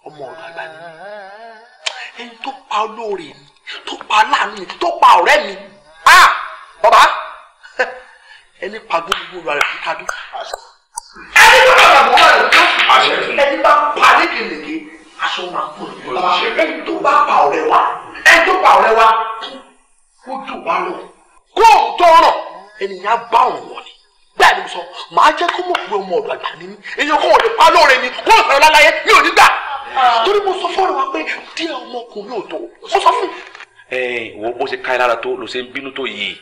ọmọ ọ̀dọ̀ àgbà ni mí ẹni tó pa olóore mi tó pa aláàánú mi tó pa ọ̀rẹ́ mi bàbá ẹni pa gbogbo olùwàrẹ̀ fún kadú. ẹni tó bá bàbá wà lójú ẹni bá pa lékeleke aṣọ máa ń pọ̀ lọ́wọ́ ẹni tó bá pa ọ̀rẹ́ wa ẹni tó pa ọ̀rẹ́ wa ó dùn wá lọ kó tó rọ̀ ènìyàn bá òun wọ̀ ni bẹ́ẹ̀ ni mo sọ màá jẹ́ kó mọ̀ pé ọmọ ọ̀dọ̀ àgbà ni mí èèyàn kò lè pa lóore ni kó o sọ̀rọ̀ lálàyé mi ò ní gbà torí mo sọ fọ́ọ̀rọ̀ wa pé díẹ̀ ọmọkùnrin ò tó mo sọ fún. ẹ wo bó ṣe ká ẹ lára tó ló ṣe ń bínú tó yìí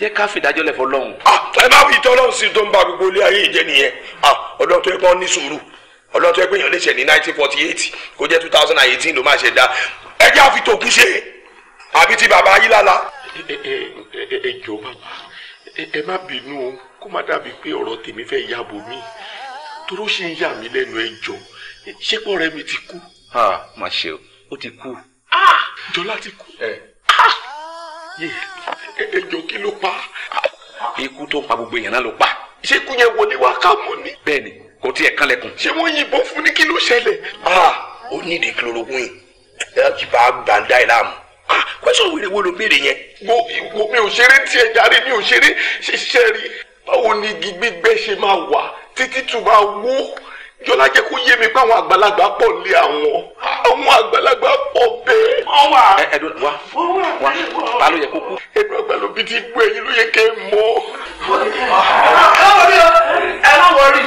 jẹ́ ká fìdájọ́ lẹ̀ fọlọ́hún. Ah, ẹ má fi ìtọ́ ọlọ́run sí tó ń ba gbogbo ilé ayé ìjẹ nìyẹn ah, ọlọ́run tó yẹ kó ní sùúrù ọlọ́run tó yẹ pé èèyàn lè ṣẹ̀ ní nineteen forty eight kó jẹ́ two thousand and eighteen ló máa ṣẹ̀dá ẹ jẹ́ àfitòkú ṣe àbí ti bàbá ayílála ẹ jọ bàbá ẹ má bínú o kó má dàbí pé ọ̀rọ̀ tèmi fẹ́ ya bò mí toró ṣì ń yà mí lẹ́nu ẹ jọ ṣé pọ̀ rẹ mi ti kú. a má ṣe o ó ti kú. jọlá ti kú. ẹ jọ kí ló pa. ikú tó ń pa gbogbo èèyàn náà ló pa. ṣé ikú yẹn wọlé wá ká mọ́ ni. bẹ́ẹ̀ni kò tiẹ̀ kanlẹ̀kùn. ṣé wọ́n yìnbọn fún ní kí ló ṣẹlẹ̀. ó nídìí chloroquine ẹ ti bá a gbàǹdà ìlàmù ah kwẹsàn wèrè wo ló béèrè yẹn. wo wo mi ò ṣeré tiẹ̀ jàre mi ò ṣeré ṣiṣẹ́ rí báwo ni igi gbígbẹ́ ṣe máa wà títí tún máa wó yọlá jẹ́ kó yé mi pé àwọn àgbàlagbà pọ̀ lé àwọn àwọn àgbàlagbà pọ̀ bẹ́ẹ̀. wọ́n wà ẹ ẹ dùn wá wá ta ló yẹ kó kú. ẹnu àgbàlóbi ti gbọ́ ẹ̀yin ló yẹ kẹ́ ẹ mọ̀. ẹ má wọrí ẹ má wọrí.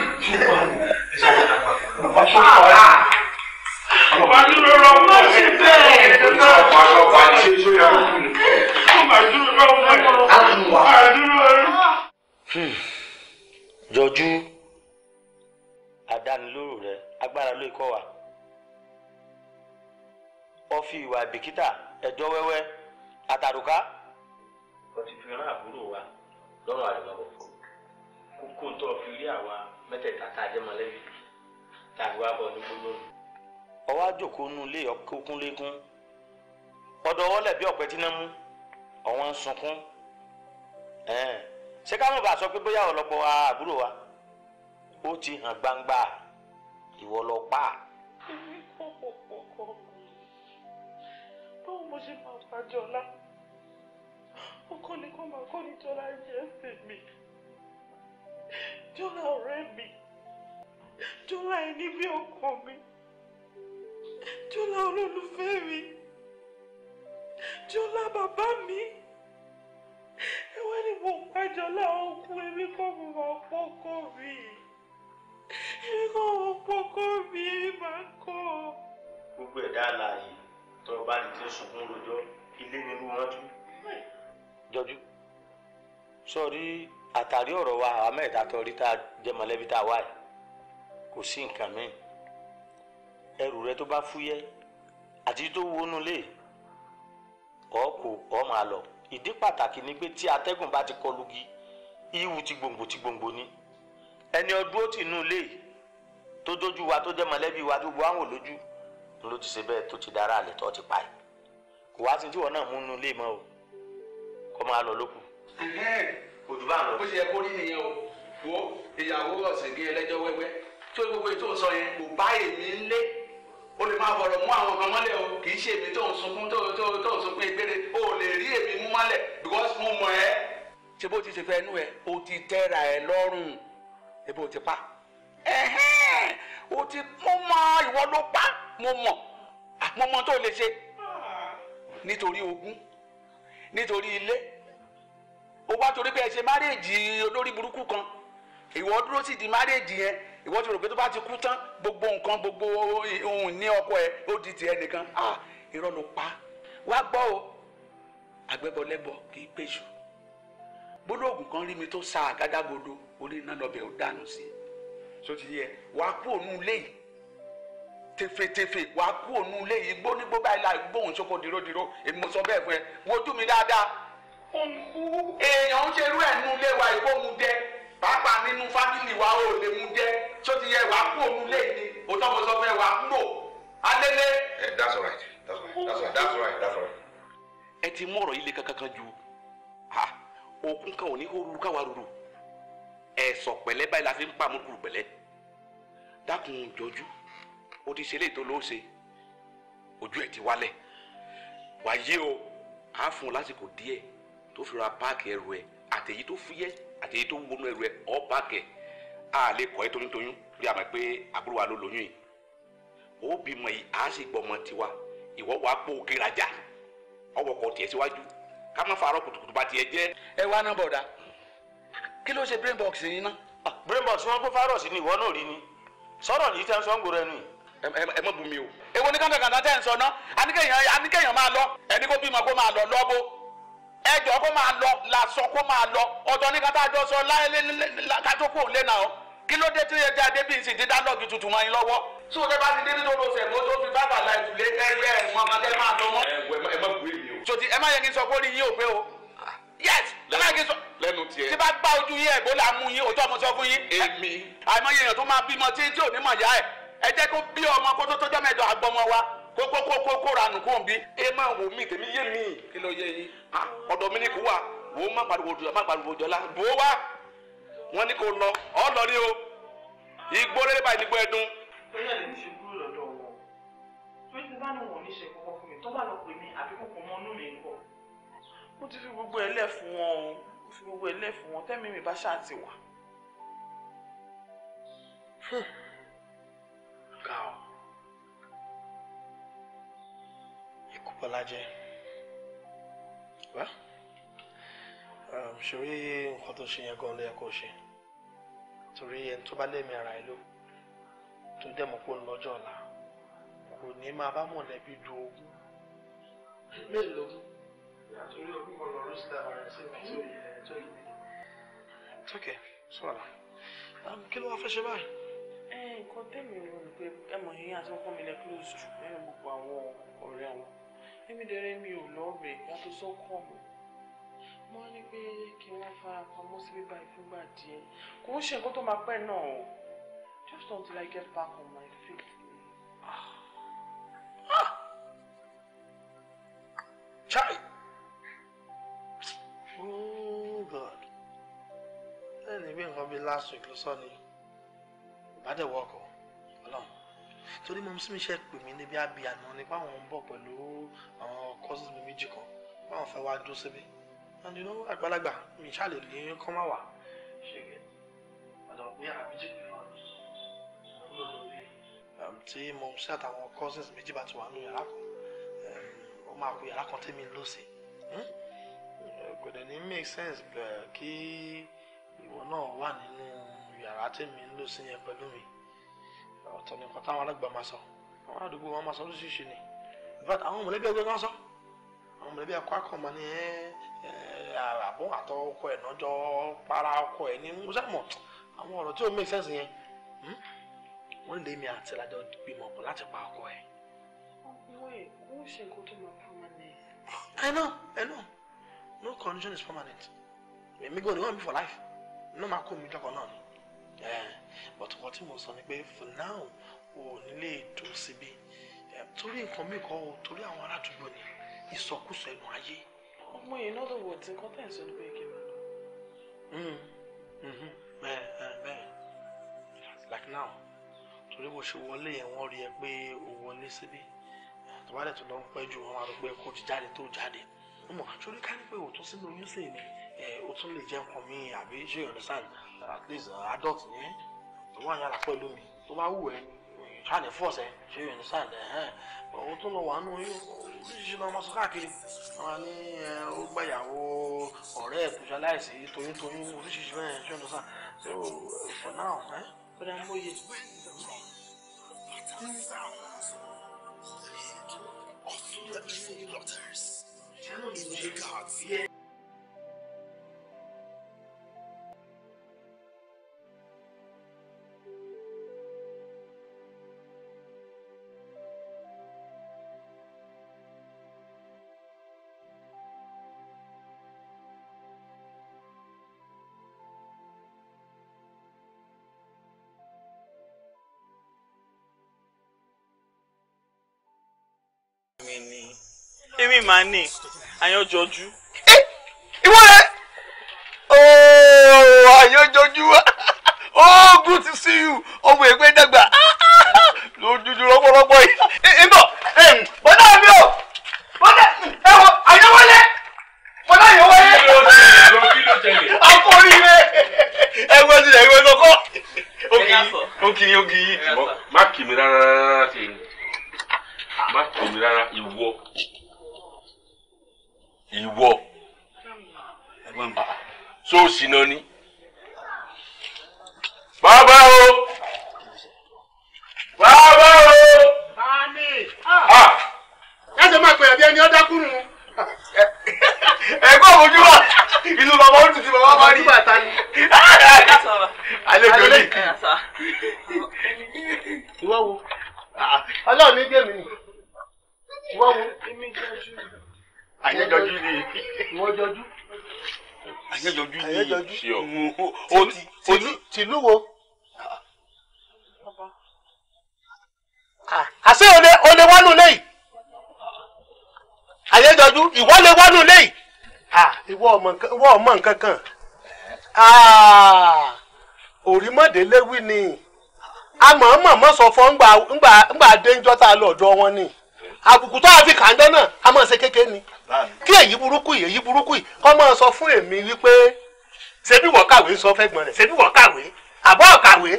Ah, ah. Ọba dúró lọ mọ́ sí bẹ́ẹ̀. ọrụ ọrụ Jọjú àdánilóró rẹ agbára ló wa. Ọfi ìwà bìkítà ti fi rán àbúrò wa lọ́rùn Kókó tó fi rí àwa mẹ́tẹ̀ẹ̀ta tá a jẹ́ mọ́lẹ́bí. ọwọ́ àjòkó nu ilé ọkọ̀ọ́kún lékún ọ̀dọ̀ ọwọ́lẹ̀ bí ọ̀pẹ tíná mú ọ̀wọ́n ń sunkún ṣé ká mọ̀ bá sọ pé bóyá ọ̀lọ́pọ̀ àbúrò wa ó ti hàn gbangba ìwọ lọ pa. èmi kò mọ̀ kọ́kọ́ mi báwo mo ṣe máa fàjọ lá ọkọ ni kò máa kọ́ ni jọlá jẹ́ ẹsẹ̀ mi jọlá ọ̀rẹ́ mi jọlá ẹni bí ọkọ mi jọlá olólùfẹ́ mi jọlá bàbá mi ẹwẹ́ ni mo pa jọlá ọkùn èmi kò mọ̀ pọ́kọ́ mi èmi kò mọ̀ pọ́kọ́ mi èmi máa ń kọ́. gbogbo ẹ̀dá alààyè tó o bá di tí ń sunkún lójọ́ ilé nínú wọn tú. jọjú sọrí àtàrí ọ̀rọ̀ wa àmẹ́ta tó rí tá a jẹ mọ̀lẹ́bí tá a wá yìí kò sí nǹkan mìíràn ẹrù rẹ tó bá fúyẹ́ àti tó wónú lé ọ kò ọ máa lọ ìdí pàtàkì ni pé tí atẹ́gùn bá ti kọlugi ìwù ti gbòǹgbò ti gbòǹgbò ni ẹni ọdún ó ti nù lé tó dójú wa tó jẹ́ mọ̀lẹ́bí wa tó bu àwọn lójú ló ti ṣe bẹ́ẹ̀ tó ti dára àlẹ́ tó ti pa ẹ̀ kò wá sí tí wọn náà mú nù lé mọ́ o kọ́ máa lọ lókù. kò jù bá lọ. bó ṣe yẹ kó rí nìyẹn o wo ìyàwó ọ̀sìn gbé ẹlẹ́jọ́ wẹ́wẹ́ tó gbogbo ètò sọ yẹn kò bá èmi ń lé. o lè máa bọ̀rọ̀ mú àwọn kan mọ́lẹ̀ o kì í ṣe èmi tó ń sunkún tó tó tó ń sunkún egbére o lè rí èmi mú mọ́lẹ̀ because mo mọ̀ ẹ́. ṣé bó ti ṣe fẹ́ nú ẹ o ti tẹ́ra ẹ lọ́rùn ṣé ti pa. ẹ̀hẹ́n o ti mo mọ ìwọ ló pa mo mọ̀ mo mọ tó lè ṣe nítorí ogún nítorí ilé o wá torí pé ẹ ṣe márèèjì olórí burúkú kan ìwọ dúró sì di márèèjì yẹn ìwọ ti rò pé tó bá ti kú tán gbogbo nǹkan gbogbo ohun ní ọkọ ẹ ó di tiẹ̀ nìkan ah irọ́ ló pa wá gbọ́ o àgbẹ̀bọ̀lẹ́bọ̀ kì í pèsè gbólóògùn kan rí mi tó sa àgádágodo orí iná lọ́bẹ̀ ó dànù sí i so ti yẹ wà á kú òun ilé yìí tefetefe wà kú òun ilé yìí gbó ní gbóbá ilà gbóhùn sóko dìrodìro èmi mo sọ bẹ́ẹ̀ fún ẹ wojú mi dáadáa èèyàn ń ṣerú ẹ̀ nínú ilé wa ìkó mu jẹ pàápàá nínú fámìlì wa ò lè mú jẹ tó ti yẹ wà kú òun lé ní òótọ́ mo sọ pé wà kúrò alẹ́lẹ́. Eh, that's all right that's all right that's all right that's right that's all right. ẹ ti mú ọ̀rọ̀ yìí le kankan ju òkun kan ò ní hóoru káwa ruru ẹ̀sọ̀ pẹ̀lẹ́ báyìí la fi ń pàmò kúrú pẹ̀lẹ́ dákun jọjú o ti ṣe eléyìí tó ló ṣe ojú ẹ̀ ti wálẹ̀ wàyé o àá fún un lásìkò díẹ̀ tó fi ra páàkì ẹrù ẹ̀ àtẹ̀yí tó fúyẹ́ àtẹ̀yí tó wọnú ẹrù ẹ ọ́ pààkì a lè kọ́ ẹ toyúntoyún bí a mọ̀ pé àbúrò wa ló lóyún yìí ó bímọ yìí á sì tiwa ìwọ wàá pò kérajà ọwọ́ kọ tiẹ̀ síwájú ká má farọ́ kùtùkùtù bá tiẹ̀ jẹ́. ẹ wá kí brain box ná. Ah, brain box wọn sí ni ìwọ náà ni sọ̀rọ̀ yìí tẹ́ ń sọ ń ẹnu yìí ẹ mọ o. èwo ni kàńtàkàńtà tẹ́ ń sọ ná ẹjọ́ kó máa lọ làṣọ kó máa lọ ọ̀tọ̀ ní kátà jọ sọ kátókò lẹ́nà ọ́ kí ló dé tí yẹ kí adébí ń sì dín dálọ́ọ̀gì tuntun mọ́ yín lọ́wọ́. tí o tẹ́ bá ti débi tó lọ sẹ̀ mọ́tò fi bàbà láìsù lé ẹgbẹ́ ẹ̀wọ̀n máa máa lọ mọ́. ẹ má bu èmi o. sotí ẹ má yẹ kí n sọ pé ó rí yín ò o. yes ẹ má yẹ kí n sọ. lẹ́nu tiẹ̀. tí bá gbá ojú yín ẹ̀bó la mú yín òótọ́ mo fún yín. èmi. àìmọye èèyàn tó máa bímọ tí tí ò ní mọ̀ yá ẹ̀ ẹ jẹ́ kó bí ọmọ kó tó tó jẹ́ mẹ́jọ àgbọmọ wa kókókókó ranù kó n bí ẹ máa wò mí tèmi yé mi kí ló yé yín ọ̀dọ̀ mi ní kú wa wò ó má pariwo jọlá má pariwo jọlá bò ó wá wọn ní kó lọ ọ lọ ní o igbó rẹ báyìí nígbó ẹdún. bóyá lè ní ṣe kúrò lọ́dọ̀ wọn tó ti bá ní wọn ò ní ṣe kọ́kọ́ fún mi tó bá lọ pè mí àbí kò kò mọ inú mi nǹkan. mo ti fi gbogbo ẹ lẹ̀ fún wọn o mo fi gbogbo ẹ lẹ̀ fún wọn tẹ́mi mi bá ṣáà ti wà. ga ọ. ikú Bọ́lájẹ́ wá um, ṣòrí nǹkan tó ṣe yẹn gan ló yẹ kó ṣe torí ẹni tó bá lẹ́mìí ara ẹ̀ ló tó dẹ̀ mọ́ kó ń lọ́jọ́ ọ̀la kò ní máa bá mọ̀lẹ́bí du ogún mélòó torí ogún kan lọ́rọ́ sí àwọn ẹ̀rọ sí mi tó yẹ tó yẹ. it's okay sọ́ọ̀la um, kí ló wá fẹ́ ṣe báyìí eh, nǹkan tẹ́mi rò ní pé ẹmọ yìí àti ọkọ mi lẹ close jù nínú gbogbo àwọn ọ̀rẹ́ wọn èmi dẹrẹ mi ò lọ́ọ̀bẹ̀ yàtọ̀ sọ́kọ̀ mi wọ́n ní pé kí wọ́n fara pamọ́ sí bíbá ìfúngbà díẹ̀ kò ń ṣe nǹkan tó máa pẹ́ náà o just until I get back on my feet. Chai! Oh God! Ẹni bí nǹkan bíi last week ló sọ ni, ìbádẹ́wọ̀ ọkọ̀ ọlọ́run torí mọ̀ sí mi ṣe pè mí níbi àbí àná nípa àwọn ń bọ̀ pẹ̀lú àwọn cousins mi méjì kan báwọn fẹ́ wá dúró síbi and you know àgbàlagbà mi ṣàlè lè kọ́ má wà ṣègbè ọ̀dọ̀ pé àbíjì náà um, tí mọ̀ sí àtàwọn cousins méjì bá ti wà nínú yàrá kan um, ó máa kó yàrá kan tẹ́mi lọ́sẹ̀ hmm? kò dẹ̀ ní make sense kí ìwọ náà wà nínú yàrá tẹ́mi lọ́sẹ̀ yẹn pẹ̀lú mi ọ̀tọ̀ ní nǹkan táwọn alágbà máa sọ àwọn àdúgbò wọn máa sọ lóṣìṣì ni in àwọn mọ̀lẹ́bí ẹgbẹ́ wọn sọ àwọn mọ̀lẹ́bí akọ akọ̀mọ ni àbọ̀ àtọ ọkọ ẹ̀ nọjọ́ para ọkọ ẹ̀ ní mùsàmọ̀ àwọn ọ̀rọ̀ tí ò make sense yẹn hmm? wọ́n lé mi àti ìlàjọ gbìmọ̀ pọ̀ láti pa ọkọ ẹ̀. wait wọ́n ṣe nǹkan tó máa permanent. I know I know no condition is permanent èmi gan ni wọ́n mi for life ní wọ́n máa kó mi jọkọ̀ náà ni. Eh, but nǹkan he mo sọ ni pé for now o ò to lè dùn síbi eh, torí nǹkan mi kọ́ o torí àwọn aládùúgbò ni ìsọkúsọ ẹnu ayé. ọmọ yìí lọ́dọ̀ wò tí nǹkan tẹ̀ ń sọ ní pé kí n máa lọ. Hmm, hmm, bẹ́ẹ̀ eh, bẹ́ẹ̀ like now torí bó ṣe wọlé yẹn wọ́n rí ẹ pé o wọlé síbi tọ́ba dẹ̀ tó lọ ń pẹ́ ju wọn máa rò pé kó ti jáde tó jáde. ọmọ àti orí ká ní pé òótọ́ sínú oyún sèé ni o tún lè jẹ́ nǹkan mi àbí ṣé you understand at least uh, adult ni tó wà yàrá pẹ̀lú mi tó bá wù ẹ́ ṣáàlì fọ́ọ̀sẹ̀ ṣé you understand o tún lọ wà nù oríṣiríṣi náà wọ́n sọ káàkiri wọn ní ó gbàyàwó ọ̀rẹ́ ẹ̀kúṣà láìsí toyúntoyún oríṣiríṣi bẹ́ẹ̀ ṣé you understand so for now ó dá mú iye. of the evil others. Regards. Yeah. mi máa ní àyànjọjú. ìwọ rẹ ooo oh, àyànjọjú oh good to see you Oh, ọmọ ẹgbẹ́ dàgbà lójújú rọpọrọpọ yìí. ìbọ̀ bọ́dà mi o bọ́dà ẹ wọ àyẹ̀wọlé bọ́dà àyẹ̀wọlé. kí ló jẹ ìlú kí ló jẹ ìlú. akọrinle ẹgbẹ́ ti ẹgbẹ́ kọ́kọ́. ogi ogi má kì mí rárá rárá ṣe ni má kì mí rárá ìwọ ìwọ sóòsì náà ni. bàbá o bàbá o. báàmì. yàtọ̀ máa pè é bí ẹni ọ́ dákúrú. ẹ̀gbọ́n ojú wa ìlú bàbá ó tutù bàbá máa rí. bàtà ni. àlejò ni. ìwọ wo. ọlọ́run ní jẹ́mi ni. ìwọ wo. àyẹjọjú ni wọ́n wà nù lẹ́yìn àyẹjọjú ìwọ lè wà nù lẹ́yìn ìwọ ọmọ nǹkan kan òrímọ̀dé léwí ni àmọ́ mọ̀mọ́ sọ fún ńgbà ńgbà déńjọ́ tá a wọn ni àbùkù tó a fi náà a ṣe kékeré ni. kí èyí burúkú yìí èyí burúkú yìí kọ́ máa sọ fún èmi wípé ṣebí wọ́n kàwé sọ fẹ́ gbọ́n rẹ̀ ṣebí wọ́n kàwé àbọ̀ kàwé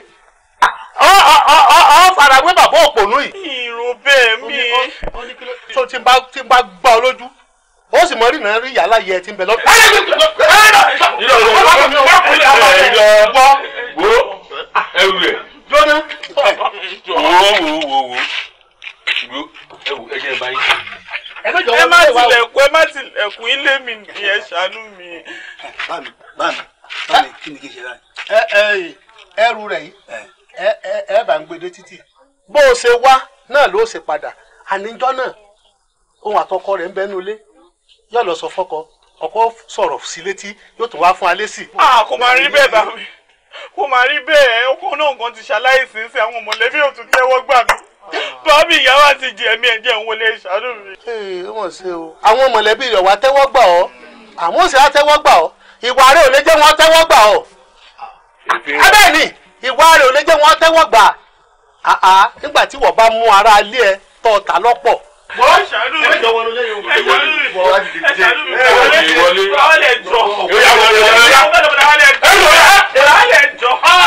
ọ farawé bàbá òpònú yìí. ìrò bẹ́ẹ̀ mi. tó ti bá ti bá gbá ọ lójú ó sì mọ rìnnà rí yàrá yẹ ti ń bẹ lọ́dún. ìlọ ìlọ gbọ́ wo ẹrù rẹ̀. jọ́nà. wo wo wo wo ẹ̀wù ẹ̀jẹ̀ báyìí. ẹ má tilẹ̀kùn mi mi. rẹ yìí ẹ ẹ bá ń gbede títì bó o ṣe wá náà ló padà àníjọ náà ohun àtọkọ rẹ ń bẹnu ilé yóò lọ sọ fọkọ ọkọ sọ̀rọ̀ sí létí yóò tún wá fún alẹ sí. a kò máa rí bẹ́ẹ̀ bá mi kò máa ọkọ náà gan ti ṣaláìsí sí àwọn mọ̀lẹ́bí òtún bọ́ọ̀bì ìyá wa ti jẹ mí ẹ̀jẹ̀ ń wọlé ìṣàánú mi. ee wọ́n ṣe o àwọn mọ̀lẹ́bí rẹ̀ wá tẹ́wọ́ gbà ọ́ àwọn òṣèré á tẹ́wọ́ gbà ọ́ ìwà rẹ̀ ò lè jẹ́ wọn tẹ́wọ́ gbà ọ́ abẹ́ẹ̀ni ìwà rẹ̀ ò lè jẹ́ wọn tẹ́wọ́ gbà àá nígbà tí wọ́n bá mú ara ilé ẹ tọ́ ta lọ́pọ̀. wọ́n ṣàánú mi ẹ̀jọ̀ wọlé ẹ̀jọ̀ wọlé ẹ̀jọ̀ wọlé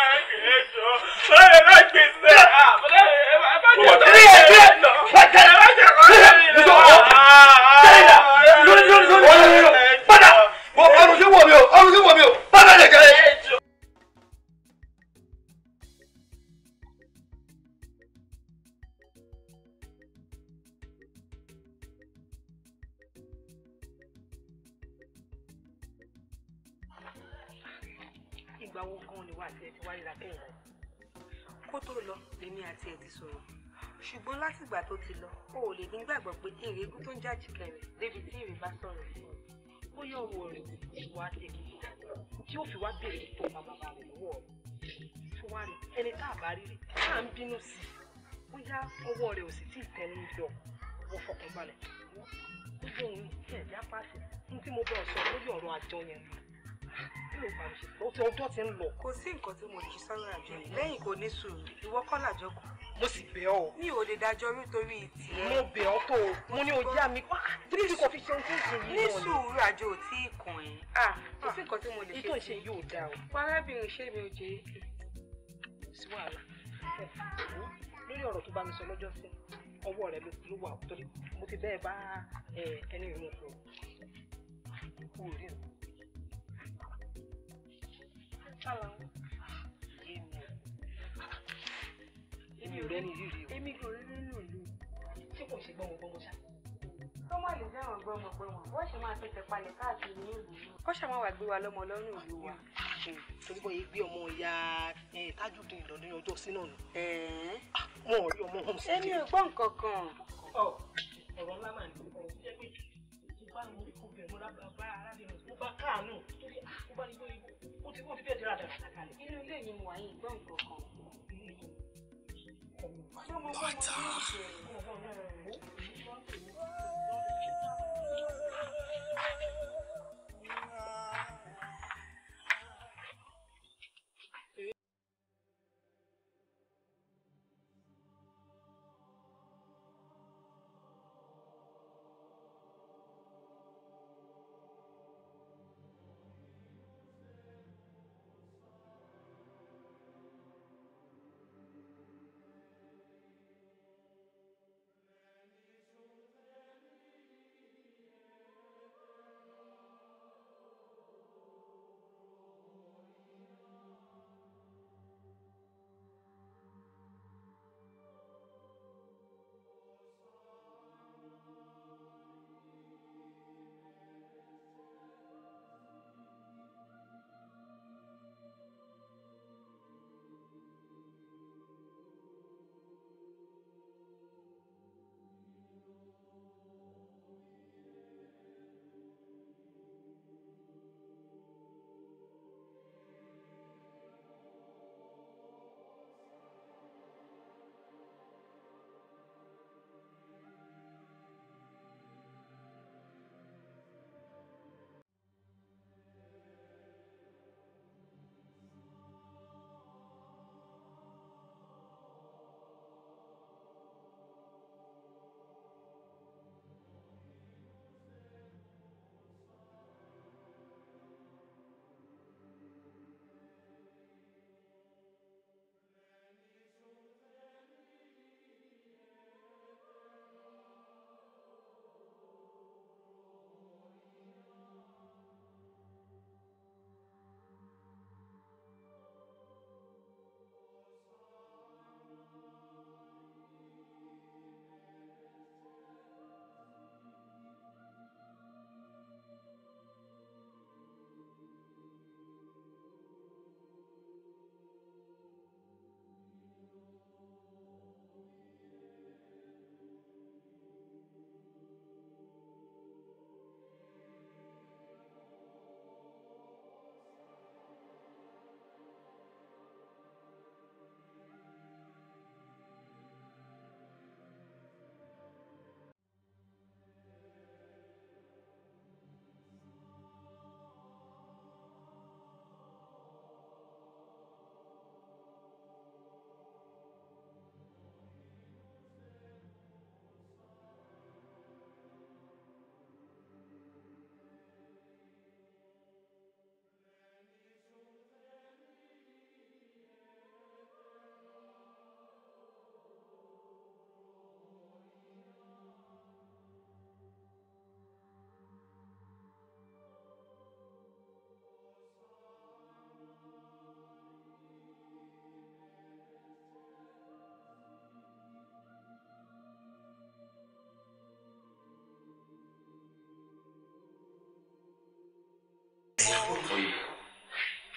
ọrùn sí wọ̀ mi o ọrùn sí wọ̀ mi o bàbá lè jẹ́. wáyé lábẹ́ rẹ̀ kó tó lọ lèmi àti ẹ̀ ti sọ̀rọ̀ ṣùgbọ́n látìgbà tó ti lọ o ò lè ní gbàgbọ́ pé èrè egún tó ń jà jìkẹrẹ débi tí èrè bá sọ̀rọ̀ sí ọ ó yọ owó rẹ̀ ìwà àtẹ̀kì tí ó fi wá bèrè tó bàbá rẹ̀ lọ́wọ́ rẹ̀ tó wá rí ẹni tá a bá rí rí tá à ń bínú sí i ó yá ọwọ́ rẹ̀ ò sì tí ì tẹnu yọ owó fọkànbalẹ̀ ó yọ òun tí ẹ̀ já pàṣẹ ní tí mo bẹ̀ ọ̀ sọ lórí ọ̀rọ̀ àjọyẹn rẹ̀ ó ti ọjọ́ ti ń lọ. kò sí nǹkan tí mo lè ṣe sọ́rọ̀ àjọ yìí lẹ́yìn kò ní sùúrù ìwọ kọ́ làjọ kù. mo sì bẹ̀ ọ́. mi ò lè dájọ́ rí torí ìtì mo bẹ̀ ọ́ tó o mo ní ojú àmì wá three six fi ṣe ohun tó ń ṣe ní sùúrù àjọ ò tí ì kàn ẹ́. kò sí nǹkan tí mo lè ṣe ìtò ìṣe yóò dáa o. arábìnrin ṣé mi ò jẹ́ sí wàhálà lórí ọ̀rọ̀ tó bá mi sọ lọ́jọ́ sí ọwọ́ rẹ ló wà torí mo ti bẹ́ẹ̀ bá eh, ẹni ìrìn òkú kú òrí nù táwọn èmi ò rẹ́ni rírì o èmi kò rí nínú ìlú tí kò ṣe gbọ́mọ gbọ́mọ ṣá. tó má lè fẹ́ràn gbọ́mọ gbọ́mọ wọ́n ṣe máa tẹ̀sẹ̀ palẹ̀ káàkiri ní ìlú náà. kọ́ ṣàmọ́ wàá gbé wa lọ́mọ lọ́rùn ìlú wa. torí bọ́ yìí gbé ọmọ ìyá tájúdìn ìdọ̀dún ọjọ́ sí náà nù. wọn ò rí ọmọ ọhún sí. èmi ò gbọ́ nǹkan kan. ọ̀rọ̀ ńlá mà ní ọ̀rọ̀ jẹ́ pé ìbámu ìkọ̀bẹ̀ mọ́ra bàbá arábìnrin mo bá káàánú tó bá ní lórí ó ti bẹ́ẹ̀ dúró àdàrà kalẹ̀. inú ilé yìí mo wà yìí gbọ́ nǹkan kan. bàtà.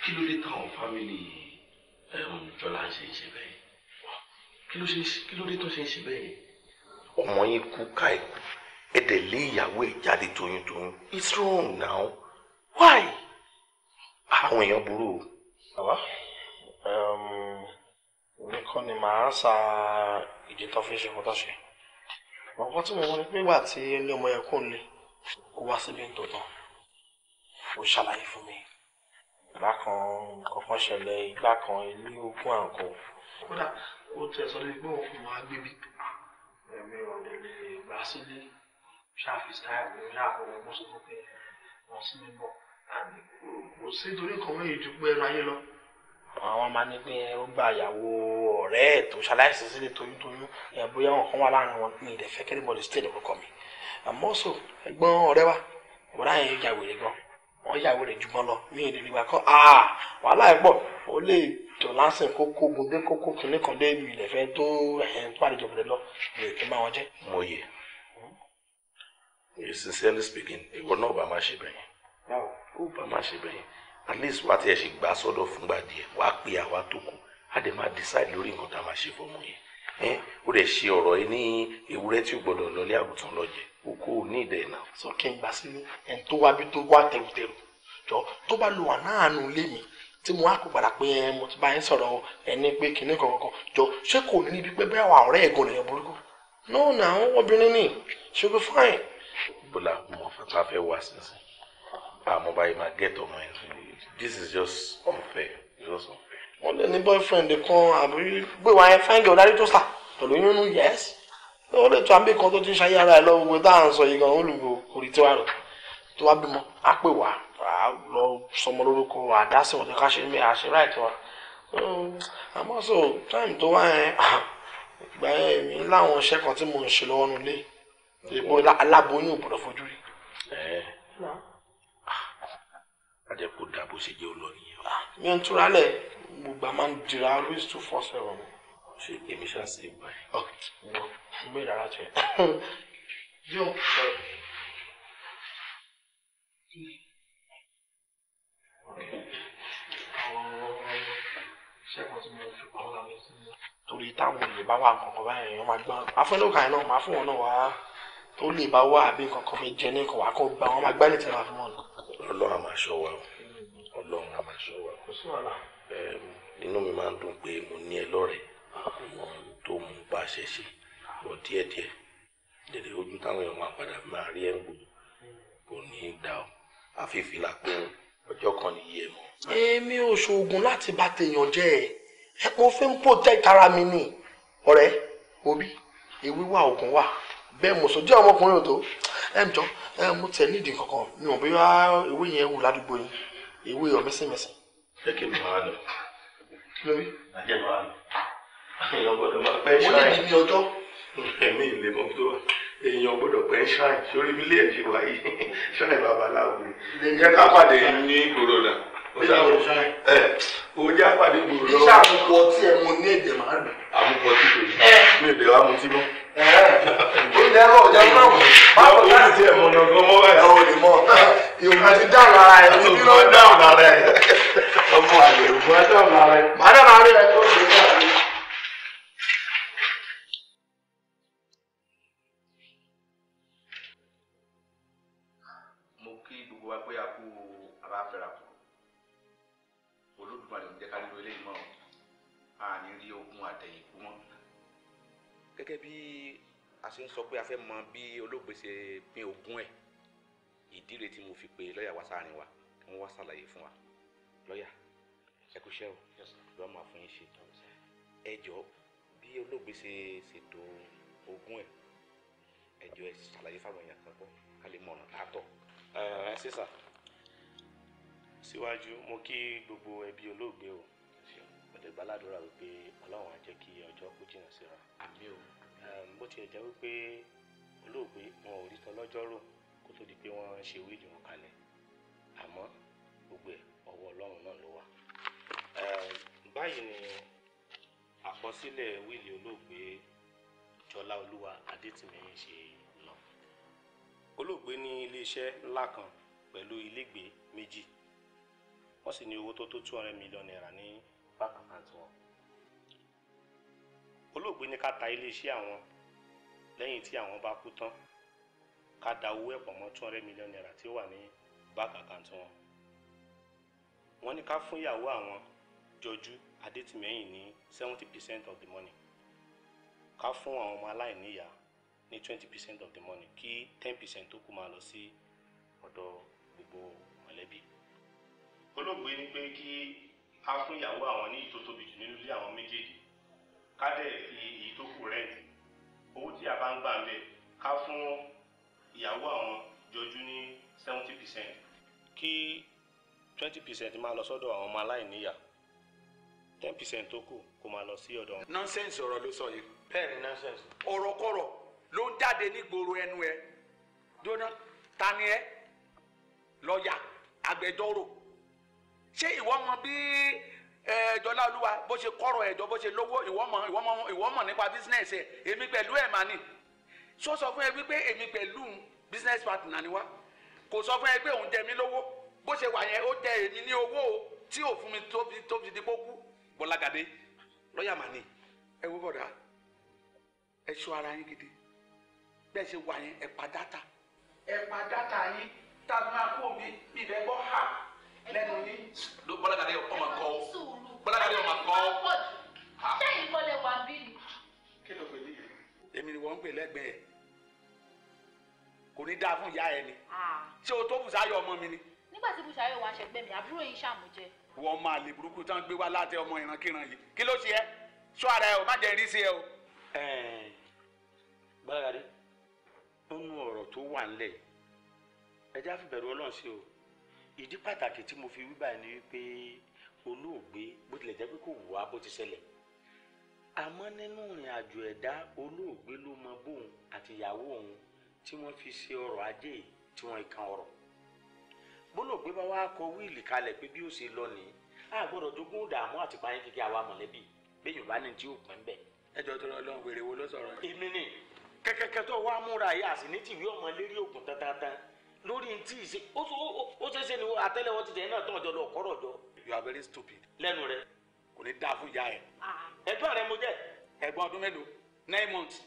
kí ló dé táwọn fámìlì Jọlá ń ṣe ń ṣe bẹ́ẹ̀ kí ló dé tó ṣe ń ṣe bẹ́ẹ̀. ọmọ yín kú káìkú ẹ lé ìyàwó ẹ̀ jáde toyuntoyun it's wrong now why. àwọn èèyàn burú o. bàbá um, mi kọ́ ni màá sa ìdí tó fi ṣe kó tó ṣe ọ̀pọ̀ tí mo wọ́n ni pé nígbà tí ilé ọmọ yẹn kò lè kó wá síbi ń tòótọ́ ó ṣàlàyé fún mi ìgbà kan kankan ṣẹlẹ̀ kan ilé ogún àǹkọ. kódà ó tẹ̀ sọ lórí pé òun fún wa gbé ẹ̀mí ọ̀dẹ̀ lè gbà sílé ṣàfihàn mi láàbọ̀ mo sọ pé wọ́n sí mi bọ̀ kò sí torí kan wọ́n èjì pé ẹran ayé lọ. àwọn máa ní pé ó gba ìyàwó ọ̀rẹ́ ẹ̀ tó ṣaláìsí sílé toyúntoyún ẹ̀ bóyá wọn kan wà láàrin wọn ní ìdẹ̀fẹ́ kẹ́rìbọ̀dì stéèdì orúkọ mi àmọ́ wọ́n yàwó rẹ̀ jùmọ̀ lọ ní èdè ìgbà kan wàhálà ẹ̀ pọ̀ ó lè tó lásìn kókó gundé kókó kìnìún kan dé ibi ilẹ̀ fẹ́ tó pàdé ìjọba lọ mi ò máa wọn jẹ́. mo yẹ you sincerely speaking ìwọ náà bá máa ṣe bẹ́yẹn ó bá máa ṣe bẹ́yẹn at least wàá tiẹ̀ ṣe gbà sọ́dọ̀ fúngbà díẹ̀ wàá pè àwa tó kù á dẹ̀ máa decide lórí nǹkan tá a máa ṣe fọ́ọ̀mù yẹn ó lè ṣe ọ̀rọ̀ yìí ní ewúrẹ́ tí ó gbọ́dọ̀ lọlé àgùntàn lọ́jẹ̀ òkú ò ní ìdẹ̀ náà. sọ kí n gbà sílé ẹni tó wá bí tó wá tẹrùtẹrù jọ tó bá lo ànáàánú ilé mi tí mo á kó padà pé ẹ mo ti bá yín sọ̀rọ̀ ẹni pé kinní kankan jọ ṣé kò ní ibi pé bẹ́ẹ̀ àwọn ọ̀rẹ́ ẹ̀gàn lèèyàn burúkú. no na àwọn obìnrin ni she be fine. bọ́lá mo fata fẹ́ wá sísìn àmọ́ báyìí máa gẹ́tọ̀ mọ́ ẹ̀ wọ́n lè ní boyfriend kan àbí gbé wa yẹn fine girl dárí tó sà pẹ̀lú yín nù yẹ́s lè tó àbí kan tó ti ń ṣayé ara ẹ̀ lọ́wọ́ gbogbo táà ń sọ yìí gan olùgbò orí tiwa rẹ̀ tó wá bímọ á pè wá á lọ sọmọ lórúkọ àdásí wọn tó ká ṣe ń bẹ àṣẹ ráì tó àmọ́ so time tó wá yẹn ìgbà yẹn mi láwọn iṣẹ́ kan tí mo ń ṣe lọ́wọ́ nulẹ̀ ìbò aláboyún ò gbọ́dọ̀ fojú rí. ajẹ́ ah, kó dà bó ṣe jẹ́ olórí yẹn. Ah, mi ò ń túra lẹ̀ gbogbo a máa ń dira always two four seven. ṣé èmi ṣáà sí ìgbà yẹn. ok wọ gbé ìdára tiẹ. yóò fẹ́. torí táwọn olè bá wà kankan báyìí èèyàn máa gbọ́n afẹ́lẹ́ kan náà máa fún wọn náà wá tó lè bá wà àbí kankan fi jẹ ní nǹkan wà kó gbà wọn máa gbálẹ̀ tí wọn fi ọlọ́run a máa ṣọ́ wa ọlọ́run a máa ṣọ́ wa. kò sí wàhálà inú mi máa ń dùn pé mo ní ẹ lọ́rẹ̀ẹ́ àwọn tó mú bá ṣe ṣe lọ díẹ̀díẹ̀ dèdè ojú táwọn èèyàn máa padà máa rí ẹ̀ ń gbò kò ní í dà ọ́ àfífi là pé ọjọ́ kan nìyí ẹ̀ mọ́. èmi ò ṣoògùn láti bá tèèyàn jẹ́ ẹ mo fi ń protect ara mi ni ọ̀rẹ́ òbí ewé wà oògùn wà bẹ́ẹ̀ mo sọ jẹ́ ọmọkùnrin òtó ẹ̀ ń jọ ẹ̀ mo tẹ̀ nídìí kankan mi ò bí wá ewé yẹn wù ládùúgbò yín ewé ọ̀mẹ́sìnmẹ́sìn jẹ́ kí n máa lọ. lórí. àjẹ máa lọ. èèyàn gbọ́dọ̀ máa pẹ́ ṣáà. wọ́n lè ní ọjọ́. ẹ̀mí ìlé mọ́ tó wà èèyàn gbọ́dọ̀ pẹ́ ṣáà sórí ilé ẹ̀jẹ̀ wà yìí ṣáà babaláwo o jẹ́ ká pàdé ní ìgboro náà. ó ṣàwọn ẹ ó jẹ́ àpàdé ìgboro lọ́wọ́. iṣẹ́ àmupọ̀ tí ẹ mú ní èdè máa lò. àmupọ̀ tí kò ní. mi ò dé wá mu tí mọ́. ó jẹ́ ọ̀rọ̀ ọ̀jẹ̀ náà wò. báwo ni ó ti ẹ̀ mọ̀ ọ̀nà gan mọ́ báyìí. ẹ ò lè mọ̀ ìwà ti dáhùn ara ẹ̀ ọmọ àgbèrè fún ẹjọ́ máa rẹ màá dá máa rí ẹ tó ṣe é náà. mo kí gbogbo wa pé a kú àbá fẹ́ra kù olódùmarè ń jẹ́ ká lílo eléyìí mọ́ a ní rí ogun àtẹ̀yìnkú mọ́. gẹ́gẹ́ bí a ṣe ń sọ pé a fẹ́ mọ bí olóògbé ṣe pín ogún ẹ̀ ìdí rẹ̀ tí mo fi pe lọ́ọ̀yà wa sáárín wa kí wọ́n wá ṣàlàyé fún wa lọ́ọ̀yà ẹ kú iṣẹ́ o lọ́ọ́ máa fún yín ṣe ẹ jọ̀ọ́ bí olóògbé ṣe ṣètò ogún ẹ̀ ẹ jọ̀ọ́ ẹ ṣàlàyé fáwọn èèyàn kan pọ̀ ká lè mọ ọ̀nà tààtọ̀. ẹ ṣe sà síwájú mo kí gbogbo ẹbí olóògbé o pẹ̀lú ìgbàládùra wípé ọlọ́run á jẹ́ kí ọjọ́ kó jìnnà síra. àmín o. bó tiẹ̀ jẹ́ wípé olóògbé wọn ò rí tán lọ́jọ́ rò kó tó di pé wọ́n ṣe wíìlì wọn kalẹ̀ àmọ́ gbogbo ẹ̀ ọwọ́ ọlọ́run náà ló wà báyìí ni àkọsílẹ̀ wíìlì olóògbé jọlá olúwa adétìmẹ́yìn ṣe lọ olóògbé ní iléeṣẹ́ ńlá kan pẹ̀lú ilégbèé méjì wọ́n sì ní owó tó tó two hundred million naira ní bank account wọn olóògbé ní ká ta iléeṣẹ́ àwọn lẹ́yìn tí àwọn bá kú tán ká da owó ẹ̀ mọ́ two hundred million naira tí ó wà ní bank account wọn wọ́n ní ká fún ìyàwó àwọn Jọjú Adétìmẹ́yìn ní seventy percent of the money ká fún àwọn ọmọ aláìníyàá ní twenty percent of the money kí ten percent tó kù máa lọ sí ọ̀dọ̀ gbogbo mọ̀lẹ́bí. olóògbé ní pé kí a fún ìyàwó àwọn ní ìtò tóbi jù nínú ilé àwọn méjèèjì ká dẹ̀ fi èyí tó kù rẹ́ǹtì owó tí a bá ń gbà ń bẹ̀ ká fún ìyàwó àwọn Jọjú ní seventy percent kí twenty percent máa lọ sọ́dọ̀ àwọn ọmọ aláìníyàá ten percent tó kù kó máa lọ sí ọ̀dọ̀ nonsense ọ̀rọ̀ ló sọ yìí. bẹ́ẹ̀ nonsense. ọ̀rọ̀kọ̀rọ̀ ló ń jáde nígboro ẹnu ẹ jóná ta ni ẹ lọ́ọ̀yà agbẹjọ́rò ṣé ìwọ mọ bí ẹ̀ẹ́dọ́lá olúwa bó ṣe kọ́rọ̀ ẹ̀jọ́ bó ṣe lówó ìwọ mọ ìwọ mọ ìwọ mọ nípa business ẹ̀ èmi pẹ̀lú ẹ̀ màá nì sọ sọ fún ẹ wípé èmi pẹ̀lú business partner ni wá kò sọ fún ẹ pé òun jẹ mí lówó bó ṣe wà yẹn ó jẹ èmi ní owó tí ò mi tó fi di kó kú Bọ́lágadé lọ́ọ̀yà mà ni. ẹ wo bọ̀dá ẹ ṣọ́ ara yín gidi bẹ́ẹ̀ ṣe wà yẹn ẹ pa dátà. ẹ pa dátà yín tàbí kó mi mi rẹ bọ́ ha lẹ́nu yín. ló Bọ́lágadé ọmọ kọ́ ọ Bọ́lágadé ọmọ kọ́ ọ. sẹ́yìn kọ́lẹ̀ wà bí ni. kí ló pè ní yẹn. èmi ni wọ́n ń pè lẹ́gbẹ̀ẹ́ kò ní dáa fún ìyá ẹ ni. Ah. ṣé o tó Bùsáyọ̀ ọmọ mi ni. nígbà tí Bùsáyọ̀ wá ṣẹgbẹ́ mi àbúrò yìí ṣàmùjẹ wọ́n máa lè burúkú tán gbé wá látẹ ọmọ ìrankíran yìí kí ló ṣe ẹ́ sọ ara ẹ o má jẹ́ ìrísí ẹ o. gbàgàdé nínú ọ̀rọ̀ tó wà ńlẹ̀ ẹ já fìbẹ̀rù ọlọ́run sí o ìdí pàtàkì tí mo fi wí báyìí ni wípé olóògbé bó tilẹ̀ jẹ́ pé kò wù wá bó ti ṣẹlẹ̀ àmọ́ nínú ìrìn àjò ẹ̀dá olóògbé ló mọ bóun àtìyàwó òun tí wọ́n fi ṣe ọrọ̀ ajé tí wọ́n kan ọrọ̀ bólògbé bá wá kọ wíìlì kalẹ̀ pé bí ó ṣe lọ nìyí a gbọ́dọ̀ dààmú àti pààyàn kékeré àwa mọ̀lẹ́bí bẹ́ẹ̀ yorùbá ní tí ó pín bẹ́ẹ̀. ẹ jọ tọrọ lọ wèrè wo ló sọ̀rọ̀ èmi ni kẹkẹkẹ tó wá múra yìí àsì ní tìwé ọmọ lérí ògùn tantan lórí tí ì ṣe ó ṣe ṣe ni àtẹ́lẹwọ́ ti tẹ náà tán ọjọ lọ kọrọ jọ. you are very stupid. lẹ́nu rẹ. kò ní dáa fún ìyá ẹ. Ah. ẹ̀gbọ́n rẹ mo jẹ. ẹ̀gbọ́n ọdún mélòó nine months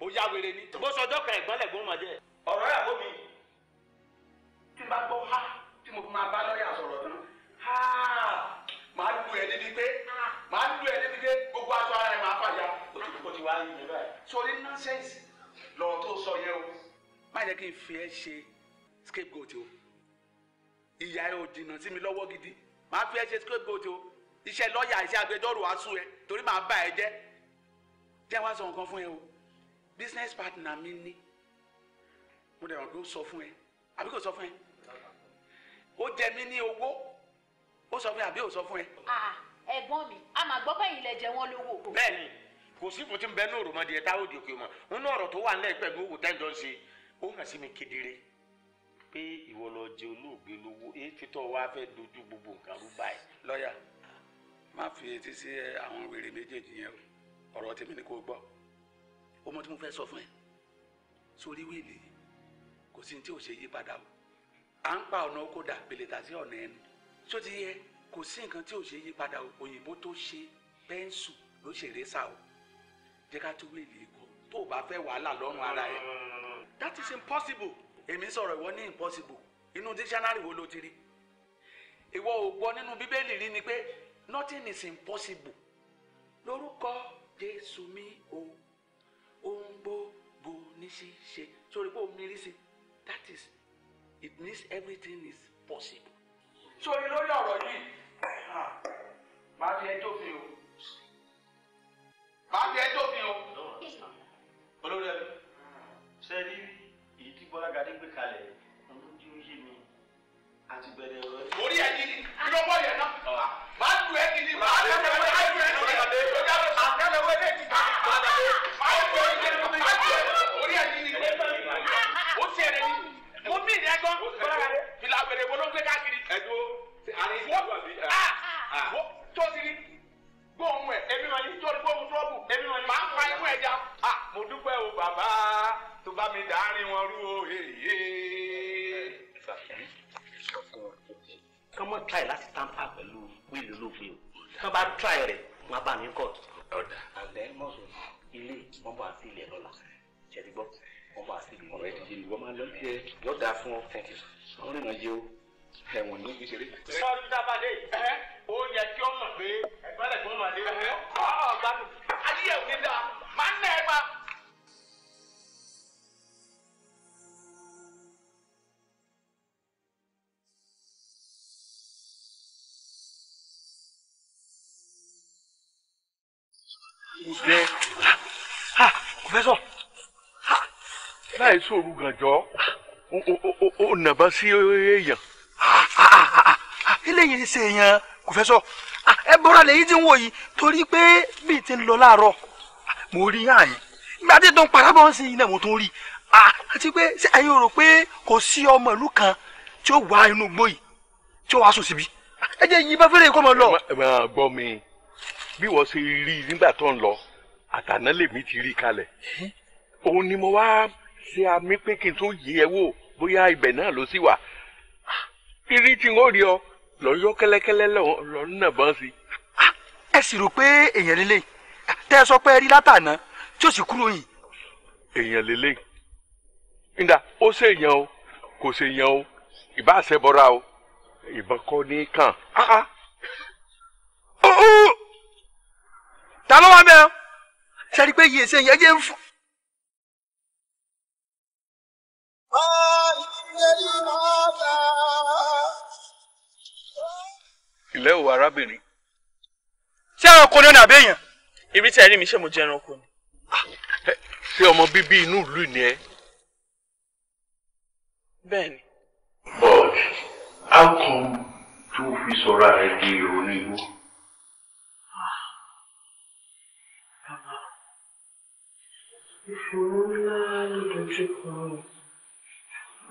ó yá wèrè ní. bó sọjọ́ kan ẹ̀gbọ́n lẹ̀gbọ́n máa jẹ. ọ̀rọ̀ yàgò mi tí n bá gbọ́ ha tí mo fi máa bá lọ́ọ̀yà sọ̀rọ̀ tán màá lu ẹ níbi pé màá lu ẹ níbi pé gbogbo aṣọ ara ẹ màá fàjà o ti wá yìí báyìí. sori nọ́nsẹ̀nsì lọ́rọ̀ tó sọ yẹn o má jẹ́ kí fi ẹ ṣe scapegoat o ìyá ẹ ò jìnnà sí mi lọ́wọ́ gidi màá fi ẹ ṣe scapegoat o iṣẹ́ lọ́ọ̀yà iṣẹ́ agbẹjọ́rò á sùn ẹ torí màá bà ẹ jẹ́ jẹ́ wá sọ nǹkan fún ẹ o business partner mi ní mo dẹ̀ mọ̀ pé ó sọ fún ẹ àbí kò sọ fún ẹ ó jẹ mí ní owó ó sọ fún mi àbí ó sọ fún ẹ. ẹ̀gbọ́n mi a máa gbọ́ bẹ́yìn lẹ jẹ wọ́n lówó. bẹ́ẹ̀ni kò sí ìbò tí ń bẹ ní òròmọdìyẹ táwọn òdì òkè mọ nínú ọ̀rọ̀ tó wà nílẹ̀ pẹ̀lú òwò tẹjọ ń ṣe ó hàn sí mi kedere pé ìwọ lọ jẹ olóògbé lówó èyí tí tọ́ wa fẹ́ dojú gbogbo nǹkan rú báyìí. lọ́ọ̀yà má fi etí sí àwọn wèrè méjèèjì yẹn o ọ̀rọ̀ tèmi ni kò gbọ́ ọmọ tí mo fẹ́ sọ fún ẹ sórí wíìlì kò sí ní tí ò ṣe yí padà o à ń pa ọ̀nà oko dà pèlètà sí ọ̀nà ẹni tó ti yẹ kò sí nǹkan tí ò ṣe yí òyìnbó tó ṣe pẹ́ńsù ló ṣe rẹ́sà o jẹ́ ká tó wíìlì ikọ̀ tó o bá fẹ́ wàhálà lọ́rùn ara ẹ̀ that is impossible èmi sọ̀rọ̀ ìwọ ní impossible inú dictionary wo ló ti rí ìwọ ò gbọ́ nínú bíbélì rí ni pé nothing is impossible lórúkọ jésù mi o ohun gbogbo ní ṣíṣe sórí pé omi rí sí that is impossible it means everything is possible. So sórí lórí ọ̀rọ̀ yìí máa fi ẹjọ́ fi o máa fi ẹjọ́ fi o. olórí ẹbí ah. ṣe rí èyí tí bọ́lá gadé gbé kalẹ̀ ọdún tí ó yé mi àti bẹ̀rẹ̀ ọ̀rọ̀ ẹ̀. orí ẹ̀ gidi kí ló bọ̀ yẹn náà ah. ah, máa lu ẹ̀ gidi máa lu ẹ̀ gidi máa lu ẹ̀ gidi lọ́jà lọ sí àtẹ́lẹ̀ wẹ́ lẹ́ ti máa lu ẹ̀ gidi máa lu ẹ̀ gidi orí ẹ̀ gidi ó ti ẹ̀rẹ̀ ní ni ẹ gan fìlà wèrè wo ló ń gbé káàkiri. ẹdun àárín ìlú àbí. Ah! Ah! tó ti rí gbóhùn ẹ èmi máa yí torí gbóhùn tọ́ọ̀bù èmi máa yí máa ń pa inú ẹja. Ah! mo dúpẹ́ o bàbá tó bá mi dàárín wọn rú o oh, èyí. kán tíráì láti tàǹpà pẹ̀lú wíìlì olóògbé o kán bá tíráì rẹ̀ wọn bá mi kọ̀. ọ̀dà àlẹ́ mọ̀sán ilé mọ́bà sí ilẹ̀ lọ́la ṣẹ́ni gbọ́ wọ́n bá ti ọ̀rọ̀ ti yé ìwọ máa lọ sí ẹ yóò dáa fún ọ tẹ̀kì àwọn èèyàn yé o ẹ̀wọ̀n ní ibi ṣeré. sọ́ọ́dún dábàdé ó yẹ kí ó mọ̀ pé ẹ̀gbọ́n ẹ̀gbọ́n máa lé ọ̀gbádùn ayéyẹ̀wò ní dáa máa ń nà ẹ̀ Yeah. láì sòrò gànjọ́ ó nàbá sí èèyàn. Ah, ah, ah, eléyìí ṣe èèyàn kò fẹ́ sọ ẹ bọ́ra lèyí tí ń wò yìí torí pé bíi ti ń lọ láàárọ̀ mo rí àyìn nígbà tí tó ń padà bọ́ sí iná mo tún rí àti pé ṣé ẹ̀yin rò pé kò sí ọmọ ìlú kan tí ó wà inú igbó yìí tí ó wàá sùn síbi ẹ jẹ́ yìí bá fẹ́rẹ̀ kọ́ mọ lọ. ẹ máa gbọ́ mi bí wọ́n ṣe rí i nígbà tó ń lọ àtàná lèmi ti rí i kalẹ̀ òun ni mo wá ṣé a mí pé kí n tún yí ẹ wò bóyá ibẹ̀ náà ló sì wà rírí tí n ó rí ọ lọ yọ kẹ́lẹ́kẹ́lẹ́ lọ nà bọ́n sí. ẹ sì rò pé èèyàn lélẹ̀ tẹ́ ẹ sọ pé rí látànà tí ó sì kúrò yìí. èèyàn lélẹ̀ nígbà ó ṣèyàn o kò ṣèyàn o ìbá àṣẹbọra o ìbọn kọ́ ní kàn. Ah, ah. ta ló wá bẹ́ẹ̀ ṣe rí i pé yìí ṣe yẹn yé ń fún. ilé òwò arábìnrin. ṣé ẹranko ni ó ní àbẹ́yàn. ibi tí ẹ rí mi ṣé mo jẹ ẹranko ni. ṣé ọmọ bíbí inú ìlú ni ẹ. bẹ́ẹ̀ni. but how come tó fi sọ̀rọ̀ rẹ di ìrònú igbó. Ah, ìṣòro ńlá ló dojú kọ mi.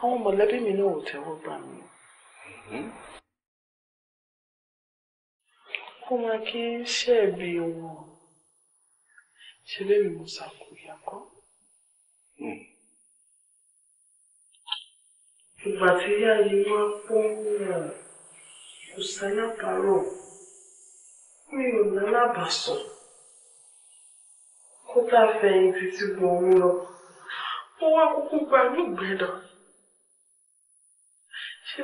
àwọn mọ̀lẹ́bí mi náà ò tẹ́wọ́ gbà mí. kó mm-hmm. máa kí ṣẹ́ẹ̀bì wọn ṣe lémi mo ṣàkóyà kọ́. Mm. ìgbà tí yá yìí máa pọ́n wà kò sálábàárọ̀ mi ò lálábàásọ̀ kó tá a fẹ̀yìntì ti gbọ̀n òun lọ wọ́n wá kúkú gba inú ìgbẹ́dàn. Hmm,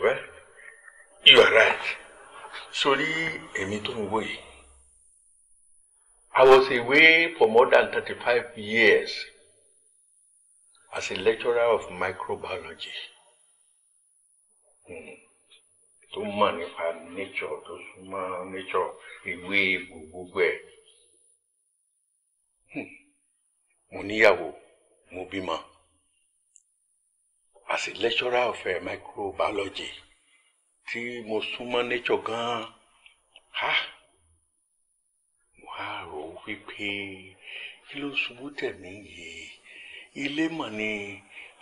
well, you are right. Sorry, èmi tó ń I was away for more than 35 years as a lecturer of microbiology. Hmm, tó mọ̀ nature tó súnmọ́ nature ìwé gbogbogbò ẹ̀. Hmm. mo níyàwó mo bímọ as a lecturer of uh, microbiology tí mo súnmọ́ nature gan-an ha mo á rò wípé kí ló ṣubú tẹ̀mí yìí ilé mọ̀ ni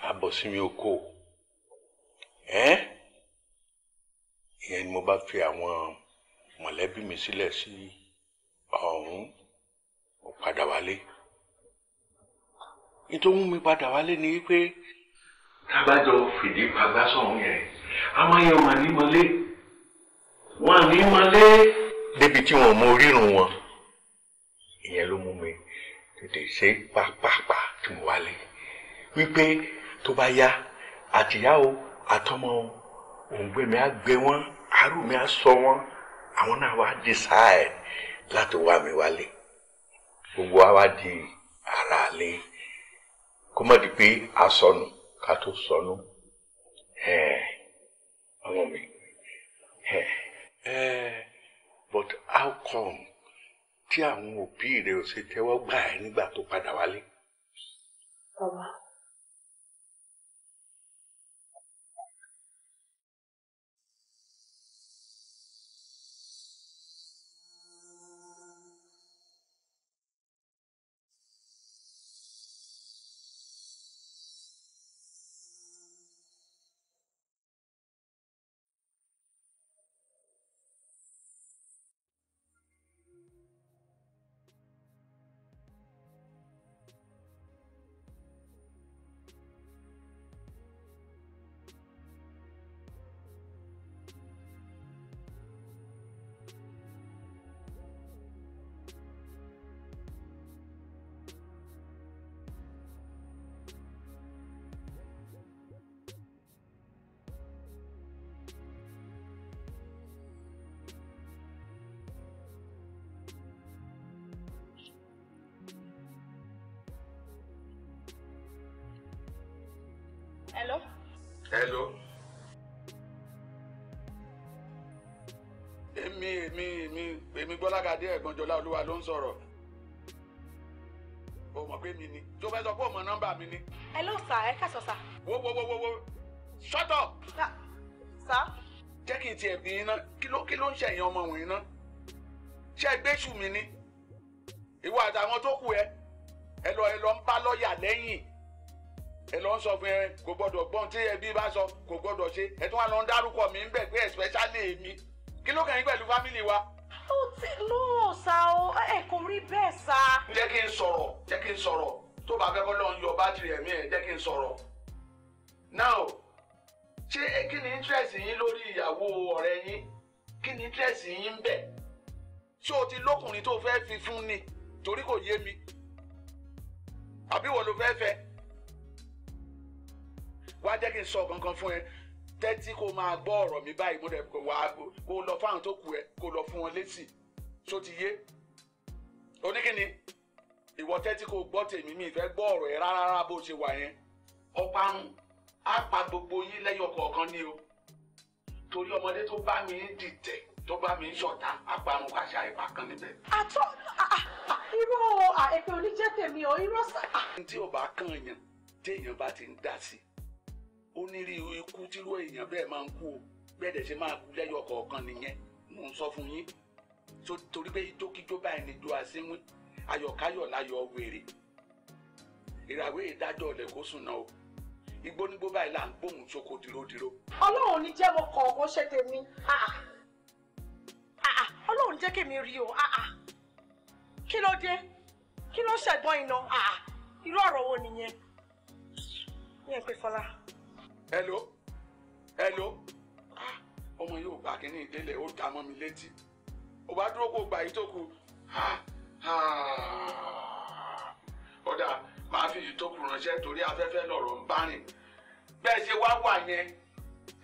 abọ̀sími oko ẹ́ ìyẹn ni mo bá fi àwọn mọ̀lẹ́bí mi sílẹ̀ sí ọ̀hún mo padà wálé nítorí mú mi padà wálé ni wípé tábàjọ fìdí pagbá sọ̀rọ̀ yẹn àwọn yẹn wà ní mọ́lé wà ní mọ́lé débi tí wọn mọ orírun wọn ìyẹn ló mú mi tètè ṣe pàpàpà tí mo wálé wípé tó bá yá àtìyá o àtọmọ o òǹgbẹ mi á gbé wọn àárò mi á sọ wọn àwọn náà wá decide láti wá mi wálé gbogbo wa wá di aráalé kó má di pé a sọnù ká tó sọnù ọmọ mi but how come tí àwọn òbí rẹ ò ṣe tẹ́wọ́ gbà ẹ́ nígbà tó padà wálé. bàbá. hello. èmi èmi èmi èmi Gbọ́lágadé ẹ̀gbọ́njọ́lá olúwa ló ń sọ̀rọ̀ o mọ̀ pé mi ni tó fẹ́ sọ pé o mọ̀ nọ́mbà mi ni. hello sir ẹ kà sọ sir. wo wo wo wo wo shut up. sir. jẹ́ kí n tiẹ̀ bí iná kí ló kí ló ń ṣẹ̀yìn ọmọ wọ̀nyí ná ṣe gbéṣù mi ni ìwọ àtàwọn tó kù ẹ ẹ lọ ẹ lọ ń bá lọ́ọ̀yà lẹ́yìn ẹ lọ sọ fún ẹ kò gbọ́dọ̀ gbọ́n tí ẹbí bá sọ kò gbọ́dọ̀ ṣe ẹ tún wá lọ ń dárúkọ mi ń bẹ̀ pé especially èmi kí ló kàn yín pẹ̀lú fámìlì wa. ó ti lọ sá o ẹ kò rí bẹ́ẹ̀ sá. jẹ́ kí n sọ̀rọ̀ jẹ́ kí n sọ̀rọ̀ tó bá fẹ́ kọ́ lọ́n yọ bátìrì ẹ̀mí ẹ̀ jẹ́ kí n sọ̀rọ̀. now ṣé kí ni interest yín lórí ìyàwó ọ̀rẹ́ yín kí ni interest yín ń bẹ̀ ṣé o ti lókùnrin tó fẹ́ fi fún ni torí kò yé mi àbí wọ́n ló fẹ́ fẹ́ wá jẹ́ kí n sọ kankan fún ẹ tẹ́tí kó máa gbọ́ ọ̀rọ̀ mi báyìí mo dẹ̀ wá kó lọ fáwọn tó kù ẹ kó lọ fún wọn létí tó ti yé oníkíni ìwọ tẹ́tí kó gbọ́ tèmi mi ìfẹ́ gbọ́ ọ̀rọ̀ ẹ rárá rárá bó ṣe wà yẹn ọ̀pá ń á pa gbogbo yín lẹ́yọ̀ kọ̀ọ̀kan ni o torí ọmọdé tó bá mi ń dìtẹ̀ tó bá mi ń ṣọ̀tá àparun wáṣà ìbá kan níbẹ̀. àtọ́ irọ́ èpè oníjẹ́ tèmi o irọ́ sá. tí ò bá kàn yàn téèyàn bá ti ń dá sí i onírú ikú tírú èèyàn bẹ́ẹ̀ máa ń kú o bẹ́ẹ̀ dẹ̀ ṣe máa kú lẹ́yọ kọ̀ọ̀kan nìyẹn mò ń sọ fún yín torí pé ijókíjó báyìí ni ju àsínwín ayọ̀káyọ̀ láyọ̀ wèrè ìràwé ìdájọ́ ọ̀lẹ̀ kó sùn náà o igbó nígbó báyìí là ń gbóhùn sóko dìrodìro. ọlọ́run ní jẹ́ mo kọ̀ ọ́ ṣe tèmi ah, ah. Ah, ọlọ́run jẹ́ kèmi rí o kí ló dé kí ló ṣẹ̀gbọ́n iná irú ọ̀rọ̀ wo nìyẹn ní ẹ̀pẹ́ fọlá hello hello ah, ọmọ yóò gba kínní ìdílé ó dá mọ́ mi létí ó bá dúró kó gba èyí tó kù ah, ah. ọ̀dà máa fi èyí tó kù ránṣẹ́ torí afẹ́fẹ́ lọ̀rọ̀ ń bá rìn bẹ́ẹ̀ ṣe wá wà yẹn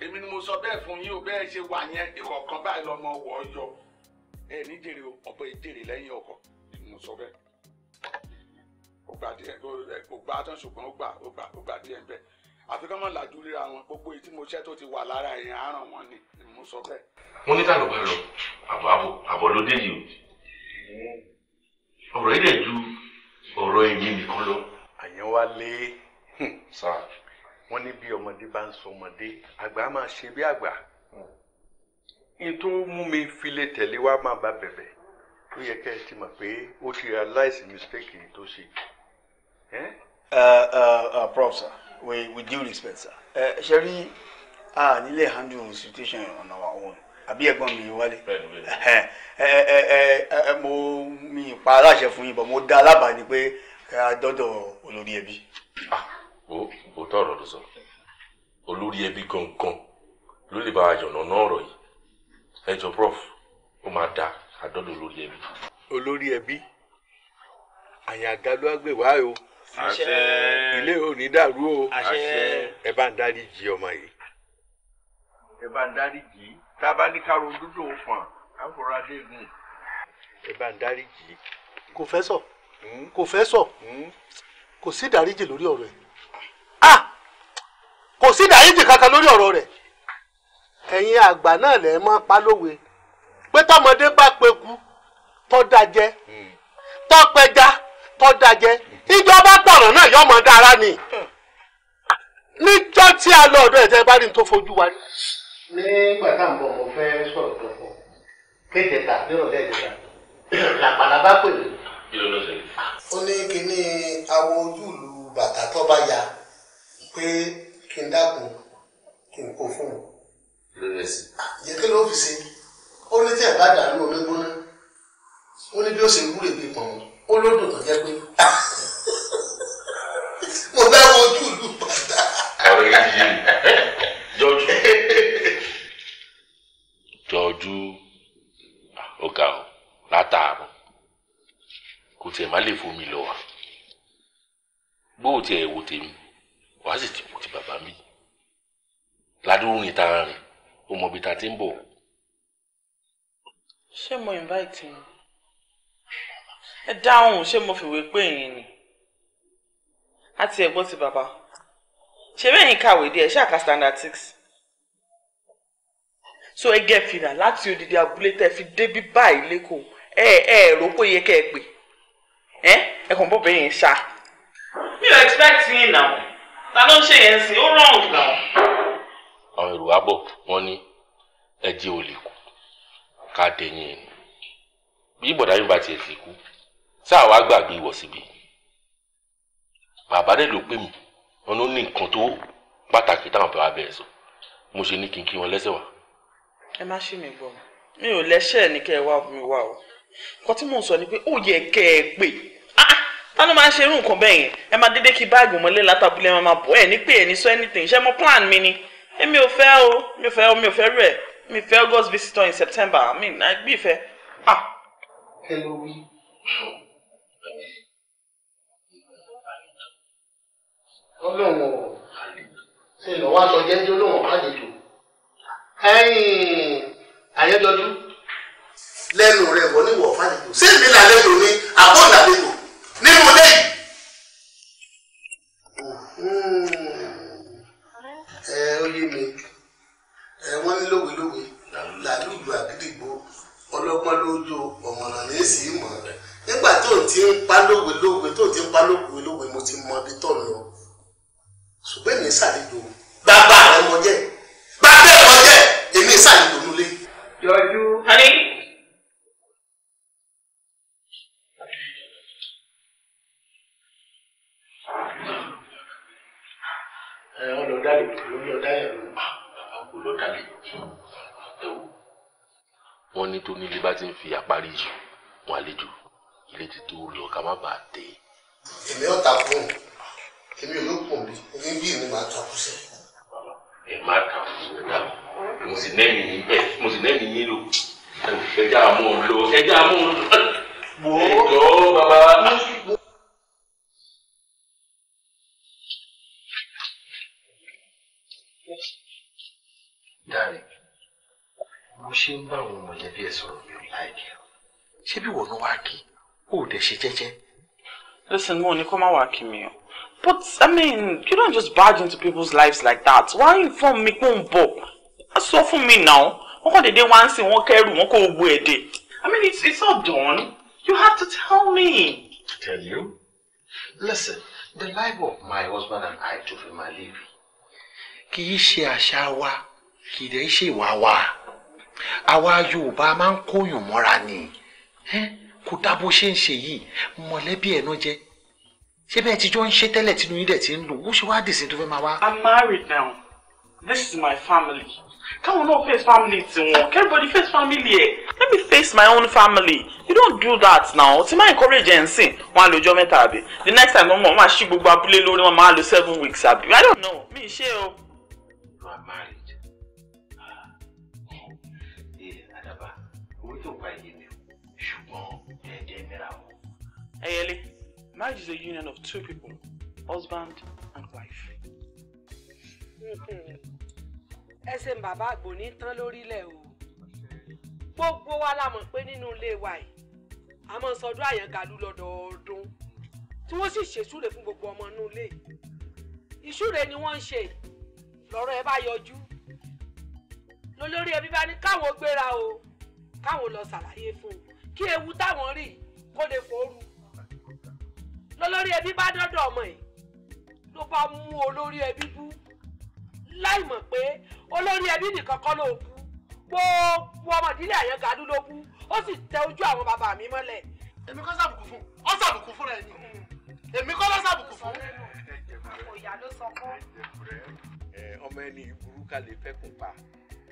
èmi ni mo sọ bẹ́ẹ̀ fún yín o bẹ́ẹ̀ ṣe wà yẹn ìkọ̀ọ̀kan báyìí lọ́mọ wọ̀ ọ́ yọ ẹ ní jèrè ọ̀pọ̀ ìjèrè lẹ́yìn ọkọ̀ ni mo sọ bẹ́ẹ̀ ó gbà díẹ̀ ó gbà tán ṣùgbọ́n ó gbà ó gbà díẹ̀ bẹ́ẹ̀ àfi kọ́ mọ̀ làjú ríra wọn gbogbo èyí tí mo ṣẹ́ tó ti wà lára ẹ̀yìn àárọ̀ wọn ni mo sọ bẹ́ẹ̀. mo ní tàbí ọ̀rọ̀ àbọ̀ àbọ̀ àbọ̀ ló dé yìí o ọ̀rọ̀ yìí dẹ̀ ju ọ̀rọ̀ ẹ̀yìn nìkan lọ. àyẹ̀wò alẹ́ hmm, wọ́n ní bí ọmọdé bá ń sọ ọmọdé àgbà máa ṣe bí àgbà hmm. n tó mú mi file tẹ̀lé wa máa bá bẹ̀bẹ̀ ó yẹ kẹ́ ẹ ti mọ̀ pé ó ti realize mistake tó ṣe. Uh, uh, uh, prof sir we we due respect sir. ẹ ṣe rí a nílé handle situation on our own àbí ẹ̀gbọ́n mi wálé ẹ ẹ ẹ mo mi pa aláṣẹ fún yín bọ̀ mo dá alábàá ni pé ká dọ́dọ̀ olórí ẹbí. Ah, o o tọ ọ̀rọ̀ ló sọ olórí ẹbí gangan ló lè bá àjọ̀nà náà ọ̀rọ̀ yìí ẹ jọ prof ó máa dá àdọ́dọ̀ olórí ẹbí. olórí ẹbí àyàngalú àgbèwá o. ilé ò dàrú o ẹ bá ń dárí jì ọmọ yìí. ẹ bá ń dárí jì a bá ní ká ronú dòun fún àfọwọ́rọ́ ẹ bá ń kò fẹ́ sọ hmm? kò fẹ́ sọ hmm? kò sí ìdáríjì lórí ọ̀rọ̀ ẹ̀ ah! kò sí ìdáríjì kankan lórí ọ̀rọ̀ rẹ̀ ẹ̀yin àgbà náà tó dájẹ́ ìjọba pọ̀rọ̀ náà yóò mọ dára ni níjọ́ tí a lọ ọ̀dọ̀ ẹ̀jẹ̀ bá ní tó fojú wa. nígbà tá mo fẹ́ sọ̀rọ̀ tó fún kéjẹta nírọ̀lẹ́ ìjọba làpàlà bá pè mí. ó ní kíní awo ojúlù bàtà tó bá ya pé kí n dákun kí n kó fún un. jẹ́ ah, kí ló fi ṣe ó ní tí ẹ̀ bá dàrú omi gbóná ó ní bí ó ṣe wúre bí pọ̀n ó lódò tó jẹ́ pé dáhùn ṣé mo fìwé pé yín ni àti ẹ̀gbọ́n ti bàbá ṣe bẹ́yìn kàwé díẹ̀ ṣáà ka standard six so ẹ gẹ́ fìlà láti odidi abúlé tẹ́ fi débi báyìí lẹ́kọ̀ọ́ ẹ ẹ rò pé yẹ kẹ́ ẹ pè ẹ ẹ kàn bọ̀ bẹ́yìn ṣá. mi ò expect yín náà ta ló ń ṣe yẹn sí ó wrong náà. àwọn èrò àbọ̀ wọn ní ẹ jẹ́ olè kù ká dẹ̀yìn ẹ̀ bí ìbọ̀dá yóò bá tiẹ̀ ti kú sáà wàá gbàgbé ìwọ síbi bàbá rẹ ló pè mí wọn ló ní nǹkan tó pàtàkì táwọn bàbá bẹ̀rẹ̀ sọ mo ṣe ní kí n kí wọn lẹ́sẹ̀ wá. ẹ má ṣì mí gbọ́ mi ò lẹ́sẹ̀ ní kẹ́ ẹ wá mi wá o nǹkan tí mò ń sọ ni pé ó yẹ kẹ́ ẹ pè ah, ah, ta ló máa ń ṣe irú nǹkan bẹ́ẹ̀ yẹn ẹ máa dédé kí báàgì mọ́lé látàbúlẹ̀ máa máa bọ̀ ẹ̀ ní pé ẹ̀ ní sọ anything ṣé mo plan mi ni èmi ò fẹ́ o mi ò fẹ́ o mi ò fẹ́ rú mi fẹ́ August visitor in September mi ò gbé ìfẹ́. kí ló ọlọ́run ṣe ìnáwó aṣọ jẹ́ ní olóhùn àlejò ẹ̀yìn àyẹ́dọ́dún lẹ́nu rẹ̀ wọ́n ní wọ̀ọ́ fàlejò sí èmi làlejò ni àbọ̀ làlejò nínú lẹ́yìn. ẹ ó yé mi ẹ wọ́n ní lówelówe làlúùlù àgídìgbò ọlọ́gbọ́n lójú ọ̀mọ̀nà ní í sì rẹ̀ nígbà tó ti ń pa lówe lówe tó ti ń pa lówe lówe mo ti mọ ibi tó ń lọ ṣùgbọ́n èmi ṣàlejò bàbá rẹ mọ jẹ bàbá rẹ mọ jẹ èmi ṣàlejò nulẹ̀. yọjú. honey. ẹ ọ lọ dálé lórí ọdá yẹn lọ bàbá kò lọ dálé ẹ wò wọn ní tó nílé bá ti ń fi àparí yìí wọn àlejò létí tó lọ ká má bàa tè. èmi ò ta fún èmi ò ló pọ̀ mi èmi bí èmi máa ta fún sẹ́yìn. ẹ má ta fún ẹ dà mo sì nẹ́ẹ̀mí yín bẹ́ẹ̀ mo sì nẹ́ẹ̀mí yín lò ẹja àmú ń lọ ẹja àmú ń lọ ẹjọ́ bàbá. Darling, bó ṣe ń bá àwọn mọ̀lẹ́bí ẹ̀ sọ̀rọ̀ mi ò láìpẹ́ ṣé bí wọ́n ń wá kí i o ò dẹ̀ ṣe listen mo ní kó má with me. but i mean you don't just barge into people's lives like that why inform mi pé ń bọ̀ sọ fún mi náà wọ́n kàn déédéé wá ń sìn wọ́n kẹ́rù wọ́n kó gbogbo ẹ̀ dé i mean it's it's all done you have to tell me. tell you listen the life of my husband and i to be my living kì í ṣe àṣà wa kì wawa. Awa ṣe ba man àwa yorùbá máa Eh? kódà bó ṣe ń ṣe yìí mọ̀lẹ́bí ẹ̀ náà jẹ́ ṣé bẹ́ẹ̀ tí jọ ń ṣe tẹ́lẹ̀ tínú yín dẹ̀ ti ń lò ó ṣe wá dìsín tó fẹ́ máa wá. I'm married now this is my family káwọn náà face family tiwọn everybody face family ẹ let me face my own family you don't do that now ti máa encourage ẹ̀ ń sìn wọn á lo ọjọ́ mẹ́ta àbí the next time wọn máa ṣí gbogbo abúlé lórí wọn máa lo seven weeks àbí I don't know mi ṣe o. Eyele, marriage is a union of two people, husband and wife. Ẹsẹ̀ bàbá àgbò ní tán lórílẹ̀ o. Gbogbo wa la mọ̀ pé nínú ilé wa yìí, a máa sọdún àyàngalú lọ́dọọdún. Tí wọ́n sì ṣèṣúre fún gbogbo ọmọ inú ilé. Ìṣúre ni wọ́n ń ṣe, lọ́rọ̀ ẹ bá yọjú. Lolórí ẹbí bá ní káwọn gbéra o, káwọn lọ ṣàlàyé fún un. Kí ewu táwọn rí kó lè fòrú lọ́lọ́rí ẹbí bá dọ́dọ̀ ọmọ yìí ló bá mú olórí ẹbí bú láì mọ̀ pé olórí ẹbí nìkan kọ́ ló bú gbogbo ọmọ ìdílé àyàngádú ló bú ó sì tẹ ojú àwọn bàbá mi mọ́lẹ̀. èmi kọ́ sàbùkù fún ọ sàbùkù fún rẹ ni èmi kọ́ lọ sàbùkù fún. àwọn ìyá ló sọ fún. ọmọ ẹni ìburú ká lè fẹ́kùn pa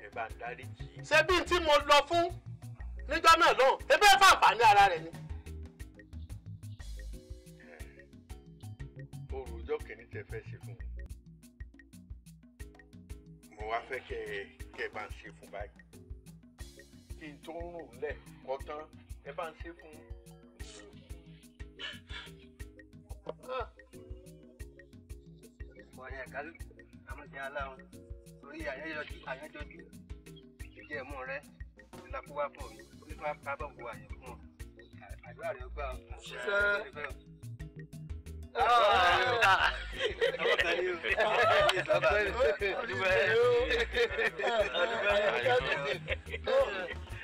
ẹ bá ń dáríjì. ṣé bí n tí mo lọ fún níjọ́ náà lọ́hùn ebí ẹ fàǹfààní ara rẹ̀ ni. ọjọ́ kẹ́ni tẹ́ fẹ́ ṣe fún mi mo wá fẹ́ kẹ́ ẹ kẹ́ ẹ bá ń ṣe fún báyìí kí n tó rùn lẹ̀ kọ́tán ẹ bá ń ṣe fún mi. Ah! ọ̀rẹ́ àkálù àmọ̀jẹ aláwọn torí àyànjọjú àyànjọjú jíjẹ mú rẹ lápúwá fún mi wípé bá bọ̀ wọ àyẹ̀ fún ọ àdúrà rẹ gbà ọ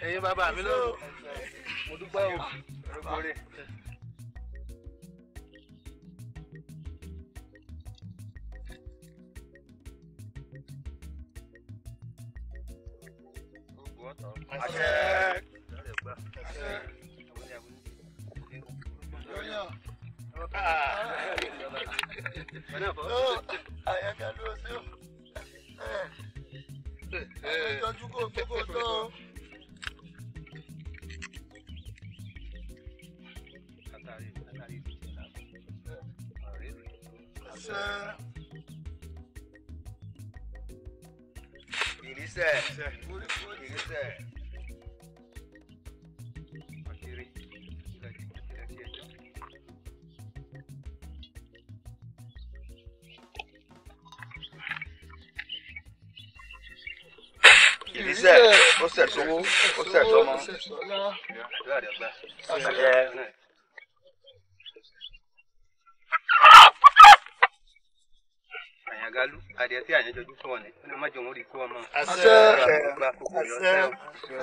ẹ̀yin bàbá mi lọ mo dúpẹ́ o rògbòrè. àṣẹ. àṣẹ. àṣẹ àyàká ló ṣe o àgbẹjọjú kò tó kò tó o. Ìrísẹ̀ ìrísẹ̀. iṣẹ́ ó ṣẹ̀ sówó ó ṣẹ̀ sọmọ. àyàngalú adìẹ tí àyànjọjú fún ọ ní ní ọmọdé òun rí kó ọmọ. àṣẹ àṣẹ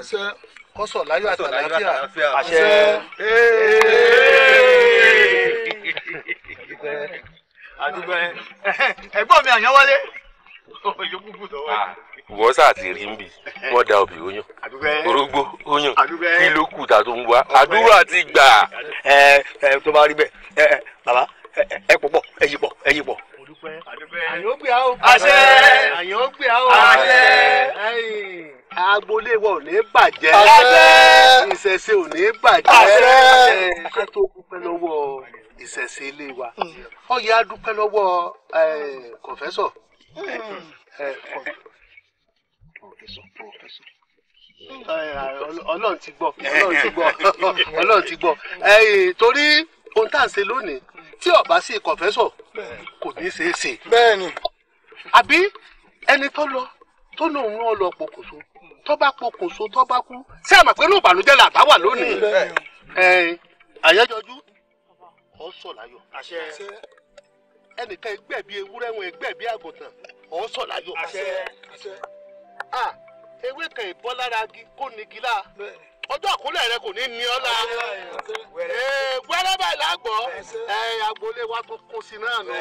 àṣẹ kọsọ láyọ̀ àtàlàfíà àṣẹ. àdúgbò ẹ ẹ̀gbọ́n mi àyànwálé. Ah, wọ́n sàtì rí nbì wọ́n da obì oyún orógbó oyún kí ló kù tá a tó ń wá àdúrà ti gbà. ẹ ẹ tó bá rí bẹ́ẹ̀ ẹ ẹ bàbá ẹ pọ̀ pọ̀ ẹ yí pọ̀ ẹ yí pọ̀ dúpẹ́. àyàn ó gbé àwọn. àṣẹ. àyàn ó gbé àwọn. àṣẹ. agboolé wa ò ní bàjẹ́. àṣẹ. ìṣẹ̀ṣe ò ní bàjẹ́. àṣẹ. ká tó dúpẹ́ lọ́wọ́ ìṣẹ̀ṣe ilé wa. ó hmm. yẹ lọ́wọ́ kọ̀fẹ́sọ̀ ọlọ́run ti gbọ́ ọlọ́run ti gbọ́ ọlọ́run ti gbọ́ torí ohun tá à ń ṣe lónìí tí ọba sí kọfẹsọ kò ní í ṣeé ṣe. bẹ́ẹ̀ni. àbí ẹni tó lọ tó lóun rán lọ pokùnso tó bá pokùnso tó bá kú ṣé àmọ̀ pé inú ìbànújẹ́ làbá wà lónìí. àyájọ́jú ọ̀ sọ̀ láyọ̀. àṣẹ ẹnìkan ẹgbẹ́ bíi ewúrẹ́ wọn ẹgbẹ́ bíi àgùntàn ọ̀ sọ̀ láyọ̀ àṣẹ à ewé kan ìbọ́ lára gi kó nigi láà ọjọ́ àkúnlẹ̀ rẹ kò ní ní ọ́ la wẹ́rẹ́ báyìí lágbọ́ agboolé wa tó kún sí náà nù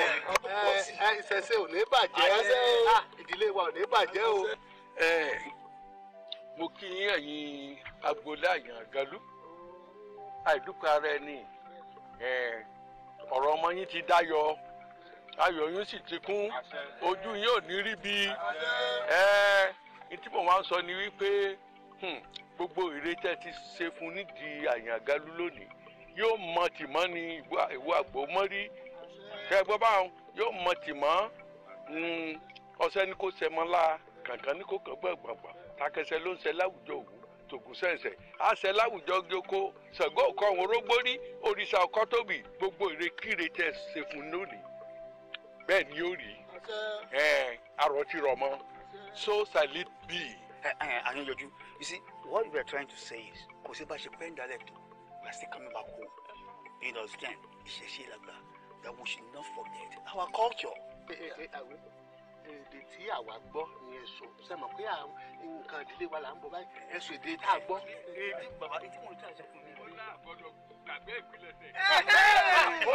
ìṣẹ̀ṣe ò ní bàjẹ́ ìdílé wa ò ní bàjẹ́ o. mo kí yín ẹ̀yin agboolé àyàngalú àìdúpẹ́ ara ẹni ọ̀rọ̀ ọmọ yín ti dá yọ ayọ̀ yín sì ti kún ojú yín ò ní rí bí ẹ ní tí mo máa ń sọ ni wípé hmm, gbogbo ìrètẹ́ ti ṣe fún nídìí àyàngalú lónìí yóò mọ tìmọ́ ni ìwọ àgbò mọ́rí kẹgbọ́n báwọn yóò mọ tìmọ́ hmm, ọ̀sẹ̀ ni kò sẹ́mọ́lá kàǹkàn ni kò kàn gbọ̀ngbọ̀ngbọ̀ takẹsẹ ló ń ṣe láwùjọ òwú tògùn sẹ̀nsẹ̀ àṣẹ láwùjọ gboko ṣàgó ọkọ̀ òun rógbórí òrìṣà ọkọ̀ tóbi gbogbo ìrèkíre tẹ̀ ṣe fún lónìí bẹ́ẹ̀ ni yóò rí arọ ti rọ mọ so shall it be. àyànjọjú you see what we are trying to say is kò sí bá ṣe pẹ́ ń dalẹ̀ tó we are still coming back home You those time ìṣẹ̀ṣẹ̀ làgbà that we should not forget our culture. èdè tí àwa gbọ́ ni ẹ̀sùn ṣe mọ̀ pé nǹkan ìdílé wa là ń bọ̀ báyìí ẹ̀sùn èdè tá a gbọ́. èdè bàbá ètí mo ní tí ṣe fún mi àgbọ̀dọ̀ gbàgbé ìpilẹ̀ṣẹ̀.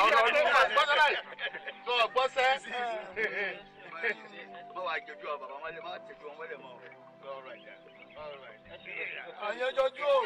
ọ̀rọ̀ yìí wà gbọ́ sẹ́. bá wa jọjú ọ bàbá wọn lè má tẹ̀jú wọn lè mọ ọ̀rọ̀ ìjà. àyẹ̀jọ́jú o.